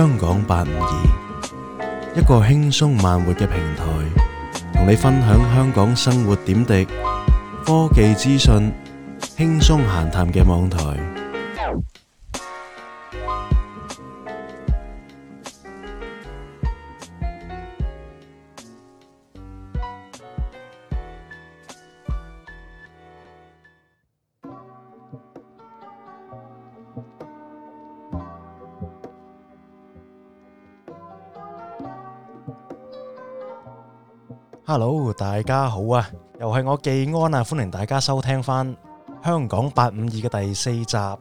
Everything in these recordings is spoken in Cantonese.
香講八五二，一個輕鬆慢活嘅平台，同你分享香港生活點滴、科技資訊、輕鬆閒談嘅網台。hello，大家好啊，又係我技安啊，歡迎大家收聽翻香講八五二嘅第四集啊，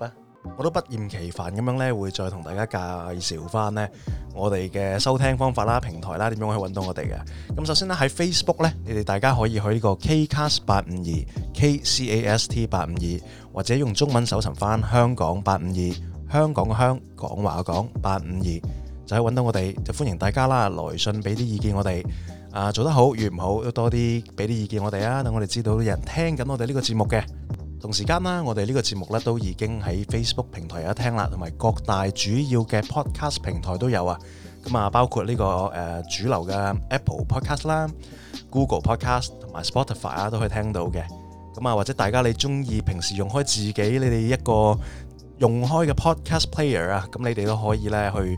我都不厭其煩咁樣咧，會再同大家介紹翻咧我哋嘅收聽方法啦、平台啦，點樣去搵到我哋嘅。咁首先咧喺 Facebook 咧，你哋大家可以去呢個 KCast 八五二、KCast 八五二，或者用中文搜尋翻香講八五二，香港嘅香，講話嘅講，八五二，就係搵到我哋，就歡迎大家啦，來信俾啲意見我哋。啊做得好，越唔好都多啲俾啲意見我哋啊！等我哋知道有人聽緊我哋呢個節目嘅。同時間啦，我哋呢個節目咧都已經喺 Facebook 平台有得聽啦，同埋各大主要嘅 Podcast 平台都有啊。咁啊，包括呢、這個、呃、主流嘅 Apple Podcast 啦、Google Podcast 同埋 Spotify 啊，都可以聽到嘅。咁啊，或者大家你中意平時用開自己你哋一個用開嘅 Podcast Player 啊，咁你哋都可以咧去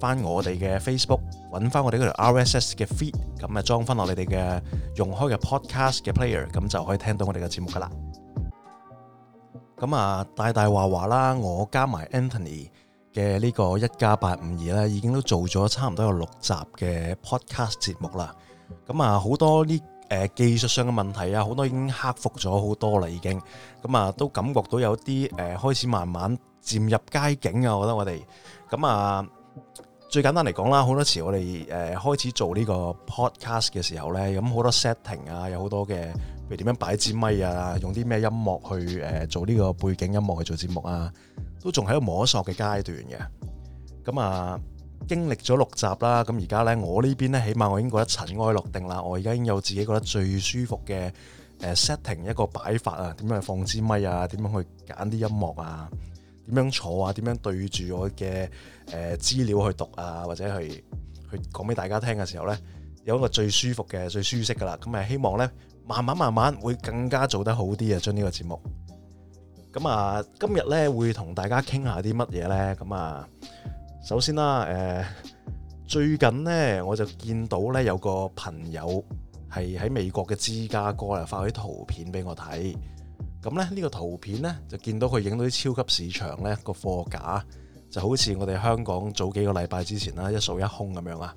翻我哋嘅 Facebook。搵翻我哋嗰條 RSS 嘅 feed，咁啊裝翻落你哋嘅用開嘅 podcast 嘅 player，咁就可以聽到我哋嘅節目噶啦。咁啊，大大話話啦，我加埋 Anthony 嘅呢個一家八五二咧，已經都做咗差唔多有六集嘅 podcast 節目啦。咁啊，好多呢誒、呃、技術上嘅問題啊，好多已經克服咗好多啦，已經。咁啊，都感覺到有啲誒、呃、開始慢慢漸入佳境啊，我覺得我哋咁啊。最簡單嚟講啦，好多時我哋誒開始做呢個 podcast 嘅時候呢，咁好多 setting 啊，有好多嘅，譬如點樣擺支咪啊，用啲咩音樂去誒做呢個背景音樂去做節目啊，都仲喺度摸索嘅階段嘅。咁啊，經歷咗六集啦，咁而家呢，我呢邊呢，起碼我已經覺得塵埃落定啦，我而家已經有自己覺得最舒服嘅 setting 一個擺法啊，點樣去放支咪啊，點樣去揀啲音樂啊。點樣坐啊？點樣對住我嘅誒資料去讀啊？或者係去講俾大家聽嘅時候呢，有一個最舒服嘅、最舒適噶啦。咁啊，希望呢，慢慢慢慢會更加做得好啲啊，將呢個節目。咁啊，今日呢，會同大家傾下啲乜嘢呢？咁啊，首先啦，誒、呃，最近呢，我就見到呢有個朋友係喺美國嘅芝加哥嚟發咗啲圖片俾我睇。咁咧，呢個圖片呢，就見到佢影到啲超級市場呢個貨架，就好似我哋香港早幾個禮拜之前啦，一掃一空咁樣啊，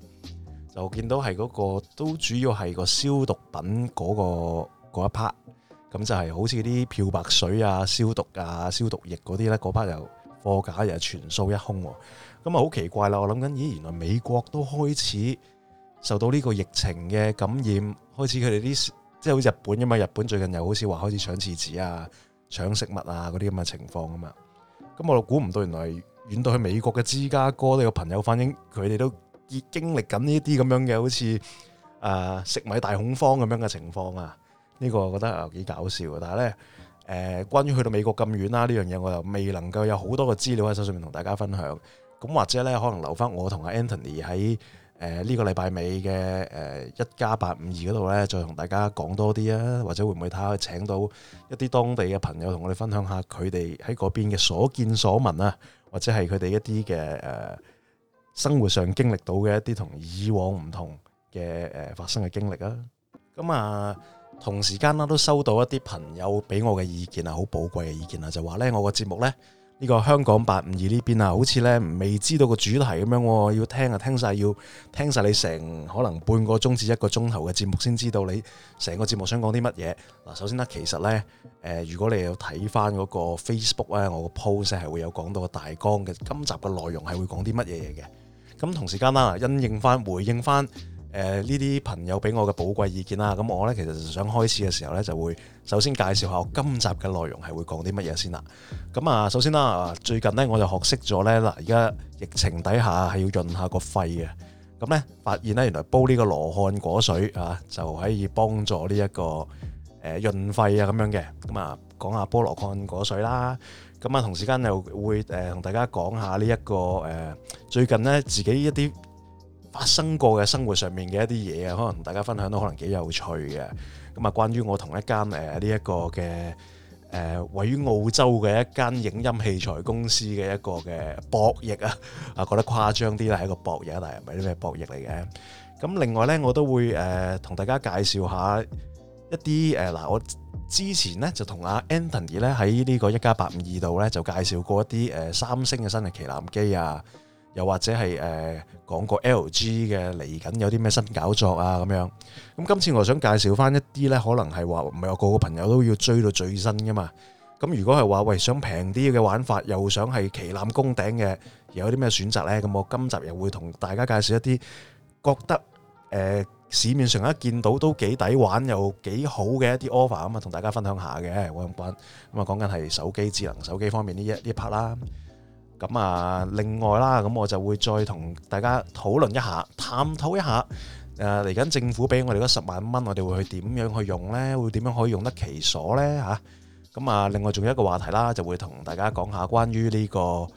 就見到係嗰個都主要係個消毒品嗰個嗰一 part，咁就係好似啲漂白水啊、消毒啊、消毒液嗰啲呢，嗰 part 又貨架又全掃一空，咁啊，好奇怪啦！我諗緊，咦，原來美國都開始受到呢個疫情嘅感染，開始佢哋啲。即係好似日本㗎嘛，日本最近又好似話開始搶廁紙啊、搶食物啊嗰啲咁嘅情況啊嘛。咁我就估唔到原來遠到去美國嘅芝加哥呢個朋友反映，佢哋都已經歷緊呢啲咁樣嘅好似誒、呃、食米大恐慌咁樣嘅情況啊。呢、這個我覺得啊幾搞笑嘅。但係咧誒，關於去到美國咁遠啦、啊、呢樣嘢，我又未能夠有好多嘅資料喺手上面同大家分享。咁或者咧，可能留翻我同 Anthony 喺。誒、呃、呢、這個禮拜尾嘅誒一家八五二嗰度呢，呃、再同大家講多啲啊，或者會唔會睇下請到一啲當地嘅朋友同我哋分享下佢哋喺嗰邊嘅所見所聞啊，或者係佢哋一啲嘅誒生活上經歷到嘅一啲同以往唔同嘅誒、呃、發生嘅經歷啊。咁啊，同時間啦、啊、都收到一啲朋友俾我嘅意見啊，好寶貴嘅意見啊，就話呢，我個節目呢。呢、這個香港八五二呢邊啊，好似呢未知道個主題咁樣，要聽啊聽晒，要聽晒。你成可能半個鐘至一個鐘頭嘅節目先知道你成個節目想講啲乜嘢。嗱，首先呢，其實呢，如果你有睇翻嗰個 Facebook 咧，我個 post 係會有講到個大綱嘅，今集嘅內容係會講啲乜嘢嘢嘅。咁同時間啦，因應翻回應翻。誒呢啲朋友俾我嘅寶貴意見啦，咁我呢，其實就想開始嘅時候呢，就會首先介紹下我今集嘅內容係會講啲乜嘢先啦。咁啊，首先啦，最近呢，我就學識咗呢，嗱而家疫情底下係要潤下個肺嘅，咁呢，發現呢，原來煲呢個羅漢果水啊就可以幫助呢、這個呃、一個誒潤肺啊咁樣嘅。咁啊講下菠蘿漢果水啦，咁啊同時間又會同、呃、大家講下呢、這、一個誒、呃、最近呢，自己一啲。發生過嘅生活上面嘅一啲嘢啊，可能同大家分享到可能幾有趣嘅。咁啊，關於我同一間誒呢一個嘅誒、呃、位於澳洲嘅一間影音器材公司嘅一個嘅博弈啊，啊覺得誇張啲啦，係一個博弈，但係唔係啲咩博弈嚟嘅。咁另外呢，我都會誒同、呃、大家介紹一下一啲誒嗱，我之前呢就同阿 Anthony 咧喺呢個一家八五二度呢，就介紹過一啲誒、呃、三星嘅新日旗艦機啊。又或者係誒講個 LG 嘅嚟緊有啲咩新搞作啊咁樣，咁今次我想介紹翻一啲咧，可能係話唔係話個個朋友都要追到最新噶嘛。咁如果係話喂想平啲嘅玩法，又想係旗艦攻頂嘅，又有啲咩選擇咧？咁我今集又會同大家介紹一啲覺得誒市面上一見到都幾抵玩又幾好嘅一啲 offer 咁啊，同大家分享下嘅。我咁講咁啊，講緊係手機智能手機方面呢一呢一 part 啦。咁啊，另外啦，咁我就會再同大家討論一下，探討一下，誒嚟緊政府俾我哋嗰十萬蚊，我哋會去點樣去用呢？會點樣可以用得其所呢？吓，咁啊，另外仲有一個話題啦，就會同大家講下關於呢個誒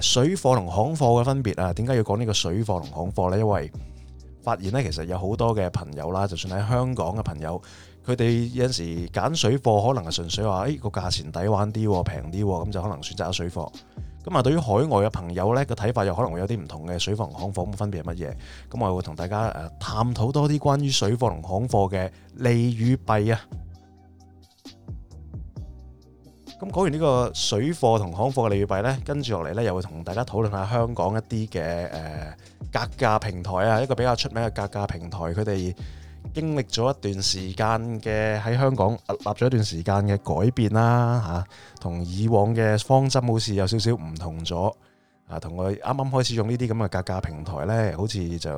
水貨同行貨嘅分別啊。點解要講呢個水貨同行貨呢？因為發現呢，其實有好多嘅朋友啦，就算喺香港嘅朋友，佢哋有陣時揀水貨，可能係純粹話，誒個價錢抵玩啲，平啲，咁就可能選擇咗水貨。咁啊，對於海外嘅朋友呢，個睇法又可能會有啲唔同嘅，水貨同行貨分別係乜嘢？咁我會同大家誒探討多啲關於水貨同行貨嘅利與弊啊。咁講完呢個水貨同行貨嘅利與弊呢，跟住落嚟呢，又會同大家討論下香港一啲嘅誒格價平台啊，一個比較出名嘅格價平台，佢哋，經歷咗一段時間嘅喺香港立咗一段時間嘅改變啦嚇，同以往嘅方針好似有少少唔同咗啊，同我啱啱開始用呢啲咁嘅格價平台咧，好似就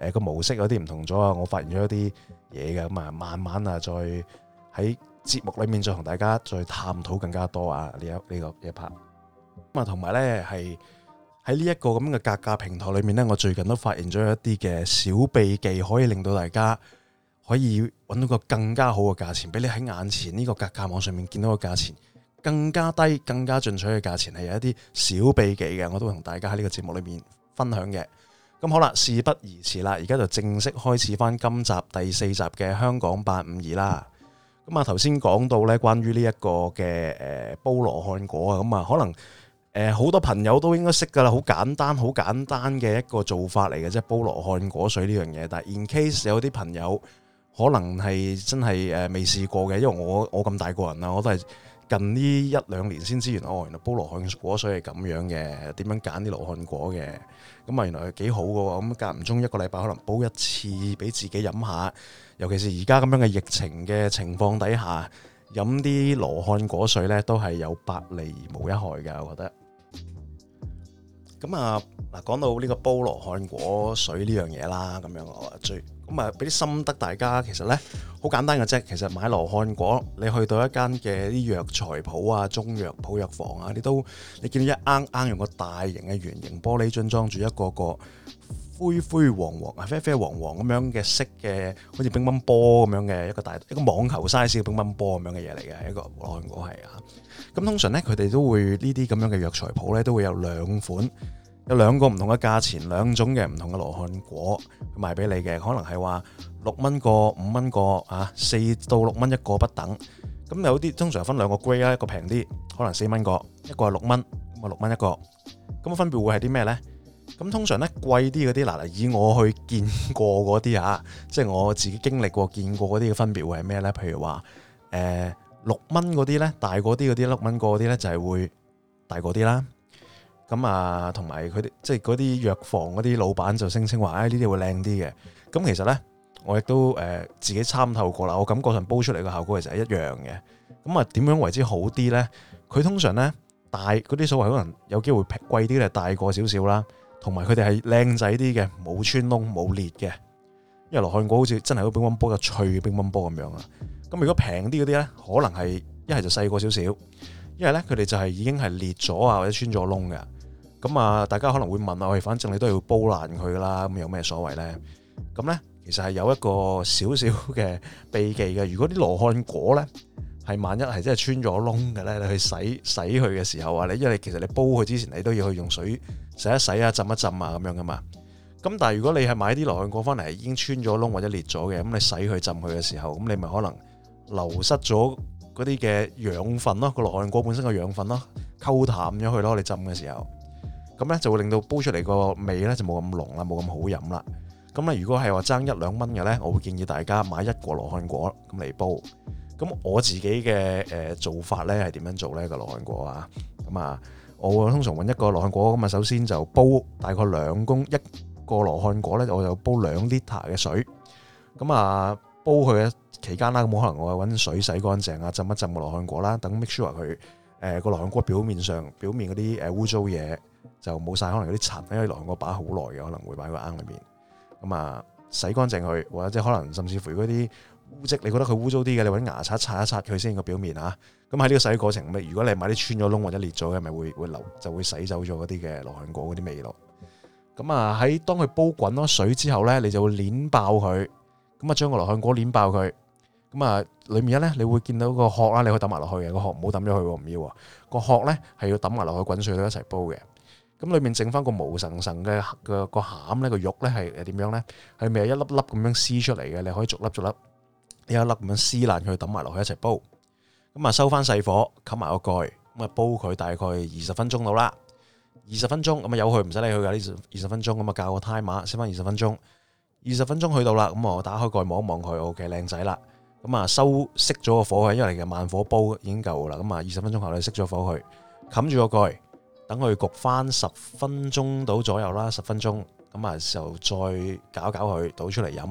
誒個、呃、模式有啲唔同咗啊，我發現咗一啲嘢嘅咁啊，慢慢啊再喺節目裡面再同大家再探討更加多啊呢一呢個一 part 咁啊，同埋咧係。喺呢一個咁樣嘅格價平台裏面呢，我最近都發現咗一啲嘅小秘技，可以令到大家可以揾到個更加好嘅價錢，比你喺眼前呢個格價網上面見到嘅價錢更加低、更加進取嘅價錢，係有一啲小秘技嘅，我都同大家喺呢個節目裏面分享嘅。咁好啦，事不宜遲啦，而家就正式開始返今集第四集嘅香港八五二啦。咁啊，頭先講到呢關於呢一個嘅誒煲羅漢果啊，咁啊可能。誒好多朋友都應該識㗎啦，好簡單好簡單嘅一個做法嚟嘅，即係煲羅漢果水呢樣嘢。但係 in case 有啲朋友可能係真係誒未試過嘅，因為我我咁大個人啦，我都係近呢一兩年先知原來哦，原來煲羅漢果水係咁樣嘅，點樣揀啲羅漢果嘅。咁啊原來係幾好嘅喎，咁間唔中一個禮拜可能煲一次俾自己飲下，尤其是而家咁樣嘅疫情嘅情況底下，飲啲羅漢果水呢都係有百利而無一害嘅，我覺得。咁啊，嗱，講到呢個煲羅漢果水呢樣嘢啦，咁樣我話最咁啊，俾啲心得大家。其實呢，好簡單嘅啫。其實買羅漢果，你去到一間嘅啲藥材鋪啊、中藥鋪、藥房啊，你都你見到一啱啱用個大型嘅圓形玻璃樽裝住一個一個。灰灰黃黃啊，啡啡黃黃咁樣嘅色嘅，好似乒乓波咁樣嘅一個大一個網球 size 嘅乒乓波咁樣嘅嘢嚟嘅一個羅漢果係啊，咁通常呢，佢哋都會呢啲咁樣嘅藥材鋪呢都會有兩款，有兩個唔同嘅價錢，兩種嘅唔同嘅羅漢果賣俾你嘅，可能係話六蚊個、五蚊個啊，四到六蚊一個不等，咁有啲通常分兩個 grade 啦，一個平啲，可能四蚊個，一個係六蚊，咁啊六蚊一個，咁分別會係啲咩呢？咁通常咧，貴啲嗰啲嗱嗱，以我去見過嗰啲吓，即係我自己經歷過見過嗰啲嘅分別會係咩咧？譬如話，誒六蚊嗰啲咧，大嗰啲嗰啲粒蚊嗰啲咧，就係、是、會大嗰啲啦。咁啊，同埋佢啲即係嗰啲藥房嗰啲老闆就聲稱話，哎，呢啲會靚啲嘅。咁其實咧，我亦都誒、呃、自己參透過啦。我感覺上煲出嚟嘅效果其實係一樣嘅。咁啊，點樣為之好啲咧？佢通常咧大嗰啲所謂可能有機會平貴啲嘅大過少少啦。同埋佢哋係靚仔啲嘅、冇穿窿冇裂嘅，因為羅漢果好似真係個乒乓波嘅脆嘅乒乓波咁樣啊。咁如果平啲嗰啲咧，可能係一係就細個少少，一係咧佢哋就係已經係裂咗啊，或者穿咗窿嘅。咁啊，大家可能會問啊，喂，反正你都要煲爛佢啦，咁有咩所謂咧？咁咧，其實係有一個少少嘅秘技嘅。如果啲羅漢果咧，係萬一係真係穿咗窿嘅咧，你去洗洗佢嘅時候啊，你因為其實你煲佢之前，你都要去用水洗一洗啊、浸一浸啊咁樣噶嘛。咁但係如果你係買啲羅漢果翻嚟已經穿咗窿或者裂咗嘅，咁你洗佢浸佢嘅時候，咁你咪可能流失咗嗰啲嘅養分咯，個羅漢果本身嘅養分咯，溝淡咗去咯，你浸嘅時候，咁咧就會令到煲出嚟個味咧就冇咁濃啦，冇咁好飲啦。咁咧如果係話爭一兩蚊嘅咧，我會建議大家買一個羅漢果咁嚟煲。咁我自己嘅誒做法咧係點樣做咧、個羅漢果啊？咁啊，我通常揾一個羅漢果，咁啊，首先就煲大概兩公一個羅漢果咧，我就煲兩 liter 嘅水。咁啊，煲佢嘅期間啦，咁可能我揾水洗乾淨啊，浸一浸個羅漢果啦，等 make sure 佢誒個羅漢果表面上表面嗰啲誒污糟嘢就冇晒，可能有啲塵，因為羅漢果擺好耐嘅，可能會擺喺個罌裏面。咁啊，洗乾淨佢，或者可能甚至乎嗰啲。污跡，你覺得佢污糟啲嘅，你揾牙刷擦一擦佢先個表面啊。咁喺呢個洗嘅過程，如果你係買啲穿咗窿或者裂咗嘅，咪會會流就會洗走咗嗰啲嘅羅漢果嗰啲味落。咁啊喺當佢煲滾咗水之後咧，你就會捻爆佢。咁啊將個羅漢果捻爆佢。咁啊裏面一咧，你會見到個殼啦，你可以揼埋落去嘅、個殼下去，唔好揼咗佢，唔要啊個殼咧係要揼埋落去滾水度一齊煲嘅。咁裏面剩翻個毛神神嘅個個餡咧、個肉咧係係點樣咧？係咪一粒粒咁樣撕出嚟嘅？你可以逐粒逐粒。呢一粒咁樣撕爛佢，揼埋落去一齊煲。咁啊，收翻細火，冚埋個蓋。咁啊，煲佢大概二十分鐘到啦。二十分鐘，咁啊有去唔使理佢噶呢？二十分鐘，咁啊教個 time 碼，熄翻二十分鐘。二十分鐘去到啦，咁啊打開蓋望一望佢，OK 靚仔啦。咁啊，收熄咗個火去，因為嚟嘅慢火煲已經夠噶啦。咁啊，二十分鐘後你熄咗火去，冚住個蓋，等佢焗翻十分鐘到左右啦。十分鐘，咁啊就再搞搞佢，倒出嚟飲。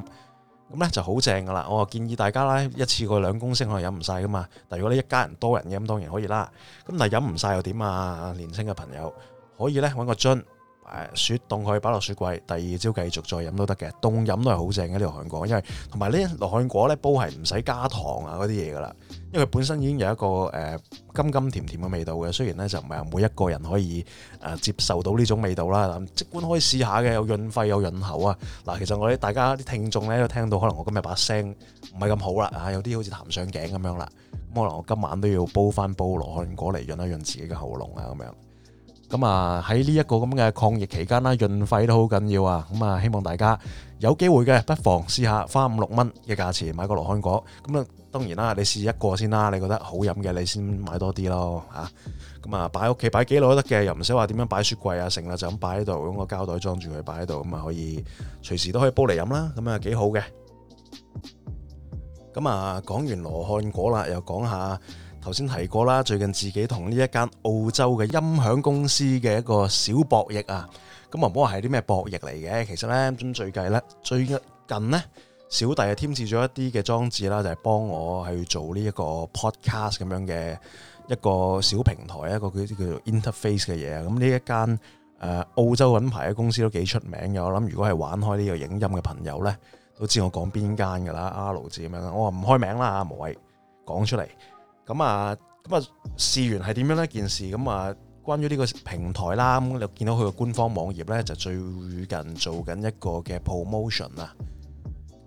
咁呢就好正㗎喇，我建議大家呢，一次過兩公升可能飲唔晒㗎嘛，但如果你一家人多人嘅，咁當然可以啦。咁但係飲唔晒又點啊？年輕嘅朋友可以呢，搵個樽。誒雪凍可以擺落雪櫃，第二朝繼續再飲都得嘅，凍飲都係好正嘅呢個羅漢果，因為同埋呢羅漢果咧煲係唔使加糖啊嗰啲嘢噶啦，因為本身已經有一個誒、呃、甘甘甜甜嘅味道嘅。雖然咧就唔係每一個人可以誒、呃、接受到呢種味道啦，即管可以試一下嘅，有潤肺有潤喉啊。嗱，其實我哋大家啲聽眾咧都聽到，可能我今日把聲唔係咁好啦，啊有啲好似痰上頸咁樣啦，咁、啊、可能我今晚都要煲翻煲羅漢果嚟潤一潤自己嘅喉嚨啊咁樣。咁啊喺呢一個咁嘅抗疫期間啦，潤肺都好緊要啊！咁啊，希望大家有機會嘅不妨試下，花五六蚊嘅價錢買個羅漢果。咁啊，當然啦，你試一個先啦，你覺得好飲嘅，你先買多啲咯嚇。咁啊，擺屋企擺幾耐都得嘅，又唔使話點樣擺雪櫃啊，成日就咁擺喺度，用個膠袋裝住佢擺喺度，咁啊可以隨時都可以煲嚟飲啦，咁啊幾好嘅。咁啊，講完羅漢果啦，又講下。頭先提過啦，最近自己同呢一間澳洲嘅音響公司嘅一個小博弈啊，咁啊唔好話係啲咩博弈嚟嘅。其實咧最、最近呢，最近咧，小弟啊添置咗一啲嘅裝置啦，就係、是、幫我去做呢一個 podcast 咁樣嘅一個小平台，一個叫做 interface 嘅嘢啊。咁呢一間誒、呃、澳洲品牌嘅公司都幾出名嘅，我諗如果係玩開呢個影音嘅朋友呢，都知道我講邊間噶啦，阿勞治咁樣，我話唔開名啦，無謂講出嚟。咁啊，咁啊，試完係點樣呢件事？咁啊，關於呢個平台啦，咁你見到佢嘅官方網頁咧，就最近做緊一個嘅 promotion 啊。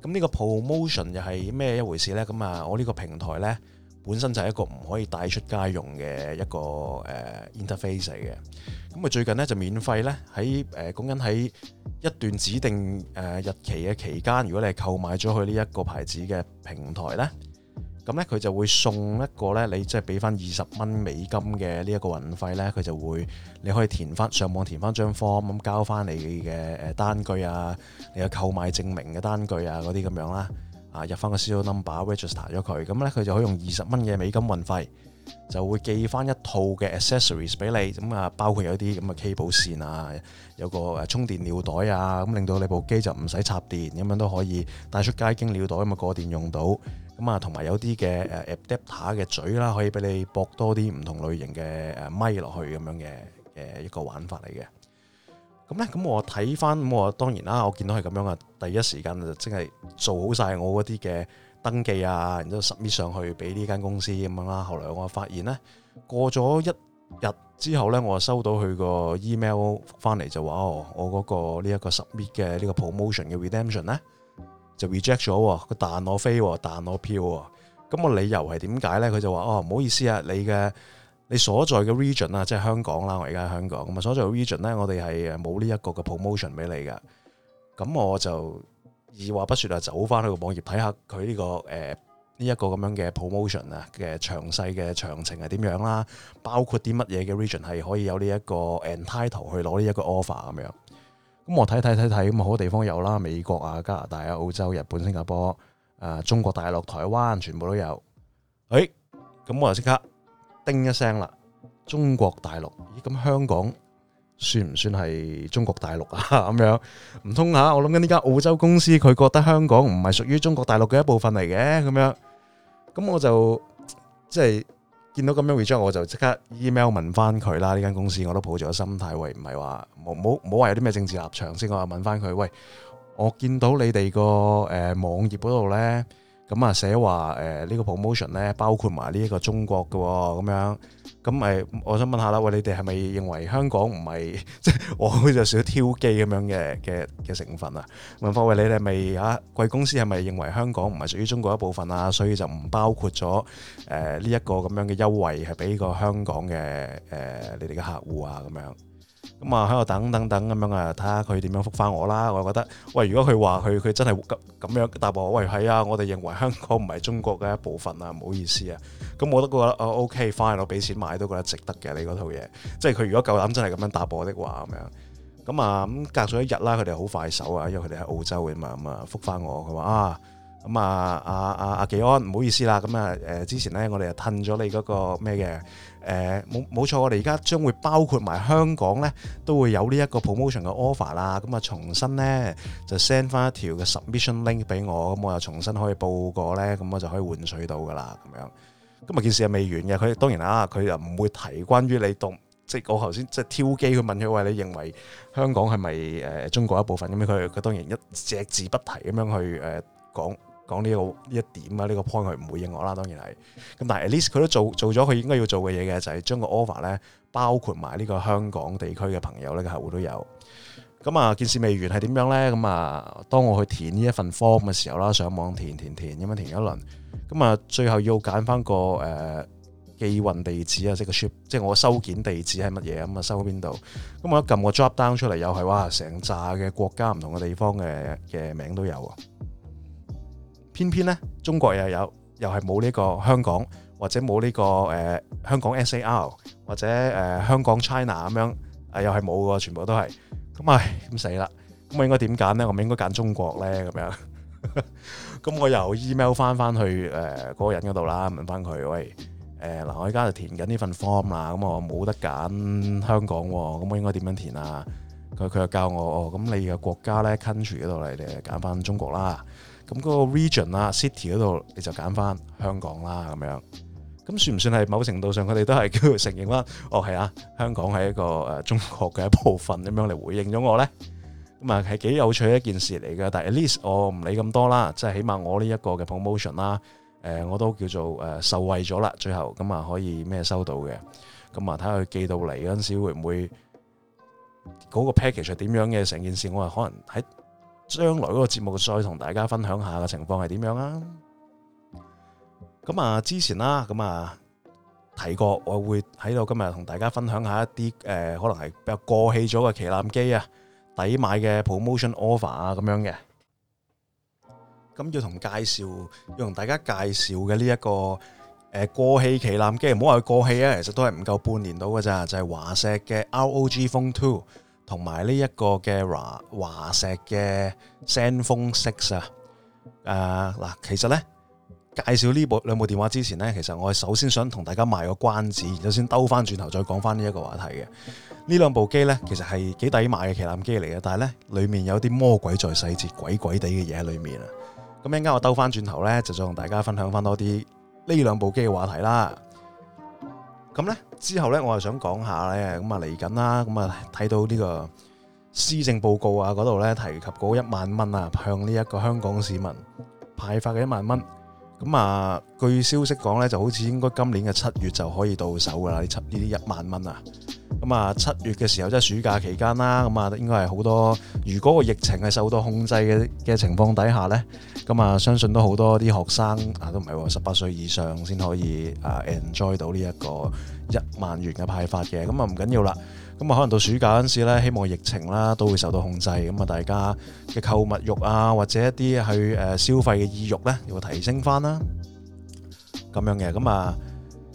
咁呢個 promotion 又係咩一回事咧？咁啊，我呢個平台咧，本身就係一個唔可以帶出街用嘅一個誒 interface 嚟嘅。咁啊，最近咧就免費咧，喺誒講緊喺一段指定誒日期嘅期間，如果你係購買咗佢呢一個牌子嘅平台咧。咁咧佢就會送一個咧，你即係俾翻二十蚊美金嘅呢一個運費咧，佢就會你可以填翻上網填翻張 form 咁交翻你嘅誒單據啊，你嘅購買證明嘅單據啊嗰啲咁樣啦、啊，啊入翻個 serial number register 咗佢，咁咧佢就可以用二十蚊嘅美金運費，就會寄翻一套嘅 accessories 俾你，咁啊包括有啲咁嘅 cable 線啊，有個充電尿袋啊，咁令到你部機就唔使插電咁樣都可以帶出街經尿袋咁啊過電用到。咁啊，同埋有啲嘅誒 adapter 嘅嘴啦，可以俾你博多啲唔同類型嘅誒咪落去咁樣嘅誒一個玩法嚟嘅。咁咧，咁我睇翻，咁我當然啦，我見到係咁樣啊，第一時間就即係做好晒我嗰啲嘅登記啊，然之後 submit 上去俾呢間公司咁樣啦。後來我發現咧，過咗一日之後咧，我收到佢個 email 翻嚟就話哦，我嗰個呢一個 submit 嘅呢個 promotion 嘅 redemption 咧。就 reject 咗佢彈我飛喎，彈我飄喎。咁個理由係點解咧？佢就話：哦，唔好意思啊，你嘅你所在嘅 region 啊，即係香港啦，我而家喺香港咁啊，所在嘅 region 咧，我哋係冇呢一個嘅 promotion 俾你噶。咁我就二話不説啊，走翻去個網頁睇下佢呢個呢一、呃呢個咁樣嘅 promotion 啊嘅詳細嘅詳情係點樣啦，包括啲乜嘢嘅 region 係可以有呢一個 entitled 去攞呢一個 offer 咁樣。咁我睇睇睇睇咁好多地方有啦，美國啊、加拿大啊、澳洲、日本、新加坡、啊、中國大陸、台灣，全部都有。誒、哎，咁我就即刻叮一聲啦，中國大陸，咦？咁香港算唔算係中國大陸啊？咁樣唔通吓？我諗緊呢間澳洲公司佢覺得香港唔係屬於中國大陸嘅一部分嚟嘅，咁樣，咁我就即係。見到咁樣我就即刻 email 問翻佢啦。呢間公司我都抱住個心態，喂，唔係話冇冇冇話有啲咩政治立場先，我問翻佢。喂，我見到你哋個誒網頁嗰度呢，咁啊寫話呢、呃呢個 promotion 呢，包括埋呢一個中國嘅喎、哦，咁樣。咁誒，我想問下啦，喂，你哋係咪認為香港唔係即係我好似有少少挑機咁樣嘅嘅嘅成分啊？問翻喂，你哋係咪啊？貴公司係咪認為香港唔係屬於中國一部分啊？所以就唔包括咗誒呢一個咁樣嘅優惠係俾個香港嘅、呃、你哋嘅客戶啊咁樣。咁啊，喺度等等等咁樣啊，睇下佢點樣覆翻我啦。我覺得，喂，如果佢話佢佢真係咁咁樣答我，喂，係啊，我哋認為香港唔係中國嘅一部分啊，唔好意思啊。咁我都覺得啊，OK fine，我俾錢買都覺得值得嘅。你嗰套嘢，即係佢如果夠膽真係咁樣答我的話，咁樣。咁啊，咁隔咗一日啦，佢哋好快手啊，因為佢哋喺澳洲嘅嘛，咁、嗯、啊覆翻我，佢話啊，咁啊，啊，啊，阿、啊、技、啊啊啊、安，唔好意思啦，咁、嗯、啊，誒之前呢，我哋又褪咗你嗰、嗰個咩嘅。誒冇冇錯，我哋而家將會包括埋香港咧，都會有呢一個 promotion 嘅 offer 啦。咁啊，重新咧就 send 翻一條嘅 submission link 俾我，咁我又重新可以報個咧，咁我就可以換取到噶啦。咁樣，今日件事係未完嘅。佢當然啦，佢又唔會提關於你當即係我頭先即係挑機，去問佢話你認為香港係咪誒中國一部分咁樣？佢佢當然一隻字不提咁樣去誒講。講呢個呢一點啊，呢個 point 佢唔會應我啦，當然係。咁但係 at least 佢都做做咗佢應該要做嘅嘢嘅，就係將個 offer 咧包括埋呢個香港地區嘅朋友呢嘅客戶都有。咁啊，件事未完係點樣咧？咁啊，當我去填呢一份 form 嘅時候啦，上網填填填，咁樣填，填一輪。咁啊，最後要揀返個誒、呃、寄運地址啊，即係個 ship，即係我收件地址係乜嘢？咁啊收邊度？咁我一撳個 drop down 出嚟，又係哇成紮嘅國家唔同嘅地方嘅嘅名都有啊！偏偏咧，中國又有，又係冇呢個香港或者冇呢個誒香港 SAR 或者誒香港 China 咁樣，又係冇喎，全部都係。咁唉，咁死啦？咁我應該點揀咧？我咪應該揀中國咧？咁樣。咁我又 email 翻翻去誒嗰個人嗰度啦，問翻佢：喂誒嗱，我而家就填緊呢份 form 啦，咁我冇得揀香港喎，咁我應該點樣填啊？佢佢又教我：哦，咁你嘅國家咧，country 嗰度嚟，你係揀翻中國啦。咁、那、嗰個 region 啦，city 嗰度你就揀翻香港啦，咁樣，咁算唔算係某程度上佢哋都係叫承認啦？哦，係啊，香港係一個誒中國嘅一部分，咁樣嚟，回應咗我咧，咁啊係幾有趣一件事嚟㗎。但係 at least 我唔理咁多啦，即係起碼我呢一個嘅 promotion 啦，誒，我都叫做誒受惠咗啦。最後咁啊可以咩收到嘅，咁啊睇下佢寄到嚟嗰陣時會唔會嗰個 package 係點樣嘅成件事，我係可能喺。將來嗰個節目再同大家分享下嘅情況係點樣啊？咁啊，之前啦，咁啊，提過我會喺度今日同大家分享下一啲誒、呃，可能係比較過氣咗嘅旗艦機啊，抵買嘅 promotion offer 啊，咁樣嘅。咁要同介紹，要同大家介紹嘅呢一個誒、呃，過氣旗艦機，唔好話佢過氣啊，其實都係唔夠半年到嘅咋，就係、是、華碩嘅 ROG Phone 2。同埋呢一個嘅華碩嘅 ZenFone Six 啊，嗱、呃，其實呢，介紹呢部兩部電話之前呢，其實我係首先想同大家賣個關子，然後先兜翻轉頭再講翻呢一個話題嘅。呢兩部機呢，其實係幾抵買嘅旗艦機嚟嘅，但係呢裏面有啲魔鬼在細節，鬼鬼地嘅嘢喺裏面啊。咁一陣間我兜翻轉頭呢，就再同大家分享翻多啲呢兩部機嘅話題啦。咁呢之後呢，我就想講下呢。咁啊嚟緊啦，咁啊睇到呢個施政報告啊嗰度呢，提及嗰一萬蚊啊，向呢一個香港市民派發嘅一萬蚊，咁啊據消息講呢，就好似應該今年嘅七月就可以到手噶啦，呢七呢啲一萬蚊啊。咁啊，七月嘅時候即係、就是、暑假期間啦，咁啊應該係好多。如果個疫情係受到控制嘅嘅情況底下呢，咁啊相信都好多啲學生啊都唔係喎，十八歲以上先可以啊 enjoy 到呢一個一萬元嘅派發嘅。咁啊唔緊要啦，咁啊可能到暑假嗰陣時咧，希望疫情啦都會受到控制，咁啊大家嘅購物欲啊或者一啲去誒消費嘅意欲呢，又會提升翻啦，咁樣嘅咁啊。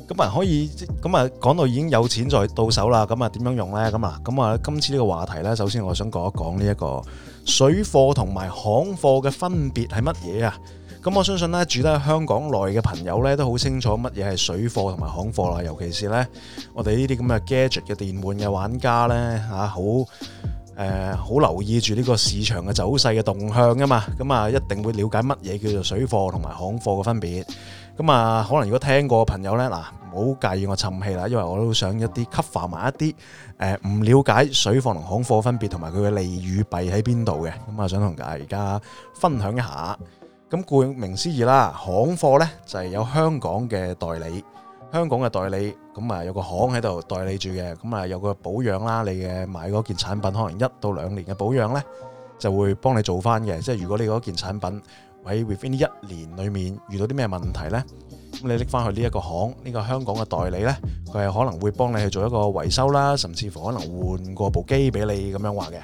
咁啊可以，咁啊講到已經有錢再到手啦，咁啊點樣用呢？咁啊，咁啊今次呢個話題呢，首先我想講一講呢一個水貨同埋行貨嘅分別係乜嘢啊？咁我相信呢，住得喺香港內嘅朋友呢，都好清楚乜嘢係水貨同埋行貨啦，尤其是呢，我哋呢啲咁嘅 gadget 嘅電玩嘅玩家呢，嚇好誒好留意住呢個市場嘅走勢嘅動向啊嘛，咁啊一定會了解乜嘢叫做水貨同埋行貨嘅分別。咁啊，可能如果聽過嘅朋友呢，嗱，唔好介意我沉氣啦，因為我都想一啲 cover 埋一啲誒唔了解水貨同行貨分別，同埋佢嘅利與弊喺邊度嘅。咁啊，想同大家分享一下。咁顧名思義啦，行貨呢就係有香港嘅代理，香港嘅代理，咁啊有個行喺度代理住嘅，咁啊有個保養啦，你嘅買嗰件產品可能一到兩年嘅保養呢，就會幫你做返嘅。即係如果你嗰件產品，喺 within 一年裏面遇到啲咩問題呢？咁你拎翻去呢一個行，呢個香港嘅代理呢，佢係可能會幫你去做一個維修啦，甚至乎可能換過部機俾你咁樣話嘅。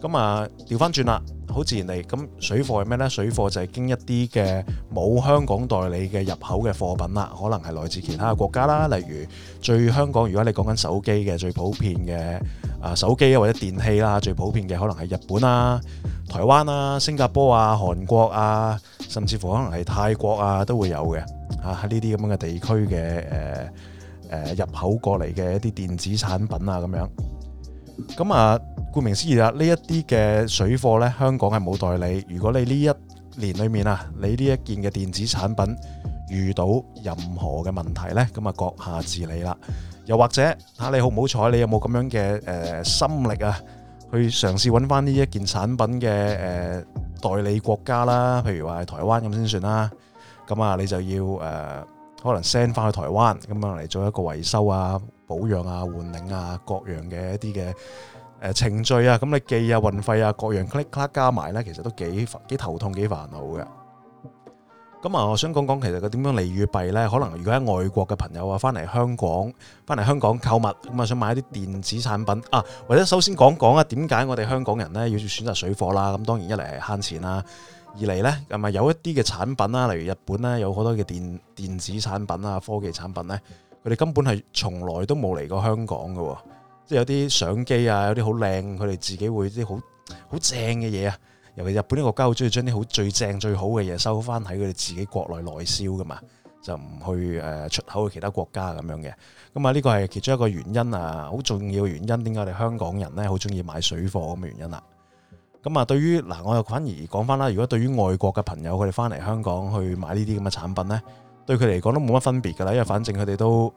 咁啊，調返轉啦，好自然嚟。咁水貨係咩呢？水貨就係經一啲嘅冇香港代理嘅入口嘅貨品啦，可能係來自其他嘅國家啦。例如最香港，如果你講緊手機嘅最普遍嘅啊手機啊或者電器啦，最普遍嘅可能係日本啊、台灣啊、新加坡啊、韓國啊，甚至乎可能係泰國啊都會有嘅。啊，喺呢啲咁樣嘅地區嘅誒誒入口過嚟嘅一啲電子產品啊咁樣。咁啊～顧名思義啊，呢一啲嘅水貨呢，香港係冇代理。如果你呢一年裏面啊，你呢一件嘅電子產品遇到任何嘅問題呢，咁啊，閣下自理啦。又或者嚇你好唔好彩，你有冇咁樣嘅誒心力啊，去嘗試揾翻呢一件產品嘅誒代理國家啦？譬如話係台灣咁先算啦。咁啊，你就要誒可能 send 翻去台灣咁啊嚟做一個維修啊、保養啊、換領啊各樣嘅一啲嘅，程序啊，咁你寄啊運費啊各樣 clack c 加埋呢，其實都幾幾頭痛幾煩惱嘅。咁啊，我想講講其實佢點樣利與弊呢？可能如果喺外國嘅朋友啊翻嚟香港，翻嚟香港購物，咁啊想買一啲電子產品啊，或者首先講講啊點解我哋香港人呢要選擇水貨啦。咁當然一嚟係慳錢啦，二嚟呢，係咪有一啲嘅產品啦，例如日本呢，有好多嘅電電子產品啊、科技產品呢，佢哋根本係從來都冇嚟過香港嘅。即係有啲相機啊，有啲好靚，佢哋自己會啲好好正嘅嘢啊。尤其日本呢個國家好中意將啲好最正最好嘅嘢收翻喺佢哋自己國內內銷噶嘛，就唔去誒出口去其他國家咁樣嘅。咁啊，呢個係其中一個原因啊，好重要嘅原因。點解我哋香港人咧好中意買水貨咁嘅原因啦？咁啊，對於嗱，我又反而講翻啦。如果對於外國嘅朋友，佢哋翻嚟香港去買呢啲咁嘅產品咧，對佢嚟講都冇乜分別噶啦，因為反正佢哋都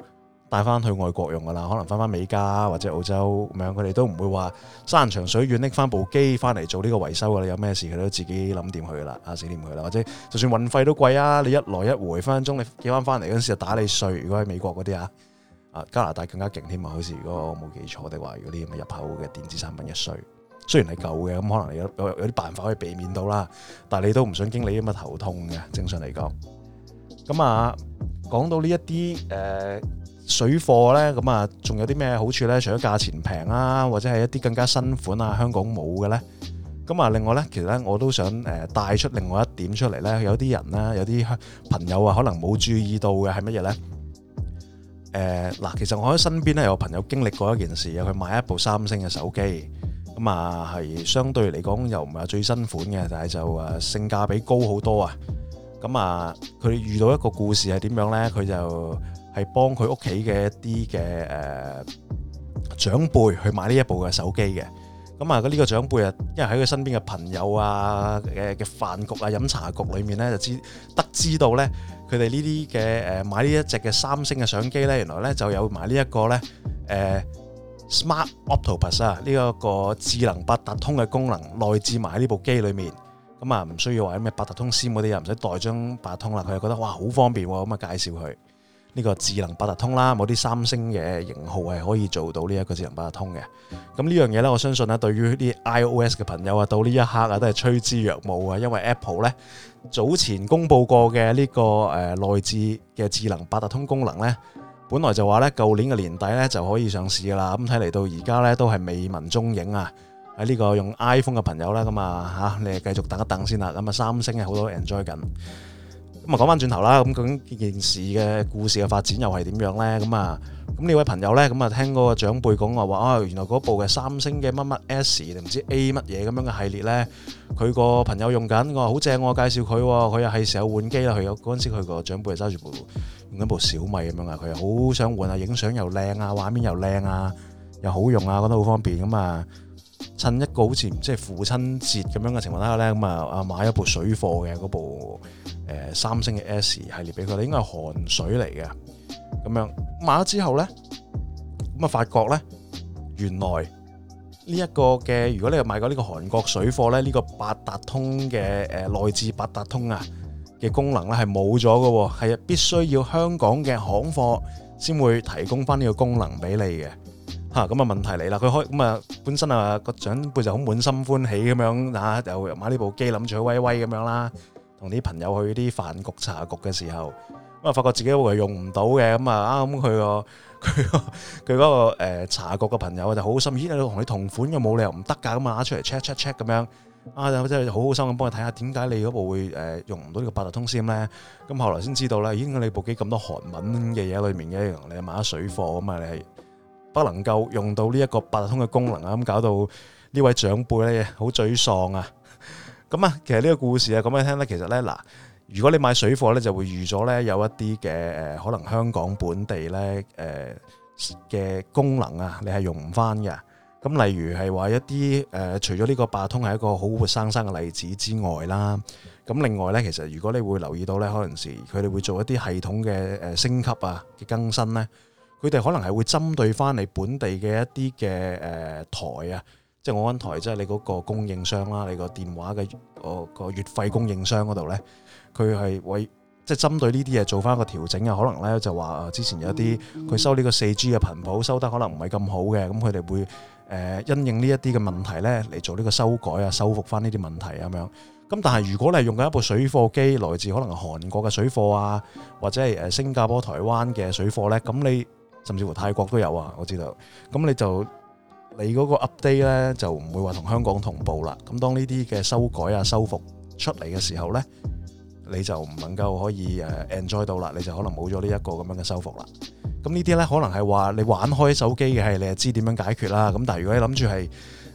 帶翻去外國用噶啦，可能翻翻美加或者澳洲咁樣，佢哋都唔會話山長水遠拎翻部機翻嚟做呢個維修啊。你有咩事，佢都自己諗掂佢啦，啊，死掂佢啦。或者就算運費都貴啊，你一來一回，分分鐘你寄翻翻嚟嗰時就打你稅。如果喺美國嗰啲啊，啊加拿大更加勁添啊，好似如果我冇記錯的話，如果啲咁嘅入口嘅電子產品一稅，雖然係舊嘅咁，可能你有有啲辦法可以避免到啦，但係你都唔想經歷啲乜頭痛嘅。正常嚟講，咁啊講到呢一啲誒。Uh, 水貨呢，咁啊，仲有啲咩好處呢？除咗價錢平啊，或者係一啲更加新款啊，香港冇嘅呢。咁啊，另外呢，其實呢，我都想誒帶出另外一點出嚟呢。有啲人呢，有啲朋友啊，可能冇注意到嘅係乜嘢呢？誒嗱，其實我喺身邊呢有朋友經歷過一件事啊，佢買一部三星嘅手機，咁啊係相對嚟講又唔係最新款嘅，但係就誒性價比高好多啊。咁啊，佢遇到一個故事係點樣呢？佢就係幫佢屋企嘅一啲嘅誒長輩去買呢一部嘅手機嘅，咁啊，嗰呢個長輩啊，因為喺佢身邊嘅朋友啊、嘅嘅飯局啊、飲茶局裏面咧，就知得知道咧，佢哋呢啲嘅誒買呢一隻嘅三星嘅相機咧，原來咧就有埋呢一個、呃、咧誒 Smart Octopus 啊，呢、這、一個智能八達通嘅功能內置埋喺呢部機裏面，咁啊唔需要話咩八達通 Sim 嗰啲又唔使袋張八達通啦，佢又覺得哇好方便咁啊就介紹佢。呢、這個智能八達通啦，某啲三星嘅型號係可以做到呢一個智能八達通嘅。咁呢樣嘢呢，我相信咧，對於啲 iOS 嘅朋友啊，到呢一刻啊，都係趨之若鶩啊。因為 Apple 呢，早前公布過嘅呢、這個誒內、呃、置嘅智能八達通功能呢，本來就話呢，舊年嘅年底呢，就可以上市噶啦。咁睇嚟到而家呢，都係未聞蹤影啊！喺、這、呢個用 iPhone 嘅朋友啦，咁啊嚇，你哋繼續等一等先啦。咁啊，三星係好多 enjoy 緊。咁啊，講翻轉頭啦,咁究竟件事嘅故事嘅發展又係點樣呢？咁啊，咁呢位朋友呢，咁啊聽嗰個長輩講話話，哦、啊，原來嗰部嘅三星嘅乜乜 S 定唔知 A 乜嘢咁樣嘅系列呢？佢個朋友用緊，我話好正，我介紹佢，佢又係時候換機啦。佢嗰陣時佢個長輩揸住部用緊部小米咁樣啊，佢又好想換啊，影相又靚啊，畫面又靚啊，又好用啊，覺得好方便。咁啊，趁一個好似即係父親節咁樣嘅情況下呢，咁啊啊買一部水貨嘅嗰部。誒三星嘅 S 系列俾佢哋，應該係韓水嚟嘅，咁樣買咗之後咧，咁啊發覺咧，原來呢一個嘅，如果你買過呢個韓國水貨咧，呢個八達通嘅誒內置八達通啊嘅功能咧係冇咗嘅，係必須要香港嘅行貨先會提供翻呢個功能俾你嘅。嚇，咁啊問題嚟啦，佢可咁啊本身啊個長輩就好滿心歡喜咁樣嚇，又買呢部機諗住去威威咁樣啦。同啲朋友去啲飯局茶局嘅時候，咁啊發覺自己會用唔到嘅，咁、嗯、啊啱佢、嗰個佢、嗰個佢嗰個誒茶局嘅朋友就好好心，咦你同你同款嘅冇理由唔得㗎，咁啊出嚟 check check check 咁樣啊，真係好好心咁幫佢睇下點解你嗰部會誒、呃、用唔到呢個八達通先咧？咁、嗯、後來先知道咧，咦你部機咁多韓文嘅嘢喺裏面嘅，你買咗水貨啊嘛、嗯，你係不能夠用到呢一個八達通嘅功能啊，咁、嗯、搞到呢位長輩咧好沮喪啊！咁啊，其實呢個故事啊，講俾你聽咧，其實咧，嗱，如果你買水貨咧，就會預咗咧有一啲嘅誒，可能香港本地咧誒嘅功能啊，你係用唔翻嘅。咁例如係話一啲誒，除咗呢個八達通係一個好活生生嘅例子之外啦，咁另外咧，其實如果你會留意到咧，可能時佢哋會做一啲系統嘅誒升級啊嘅更新咧，佢哋可能係會針對翻你本地嘅一啲嘅誒台啊。我搵台即係你嗰個供應商啦，你個電話嘅個個月費供應商嗰度咧，佢係為即係針對呢啲嘢做翻個調整啊。可能咧就話之前有一啲佢收呢個四 G 嘅頻譜收得可能唔係咁好嘅，咁佢哋會誒因應呢一啲嘅問題咧嚟做呢個修改啊，修復翻呢啲問題啊咁樣。咁但係如果你係用緊一部水貨機，來自可能韓國嘅水貨啊，或者係誒新加坡、台灣嘅水貨咧，咁你甚至乎泰國都有啊，我知道。咁你就。你嗰個 update 咧就唔會話同香港同步啦。咁當呢啲嘅修改啊修復出嚟嘅時候呢，你就唔能夠可以誒 enjoy 到啦。你就可能冇咗呢一個咁樣嘅修復啦。咁呢啲呢，可能係話你玩開手機嘅係你係知點樣解決啦。咁但係如果你諗住係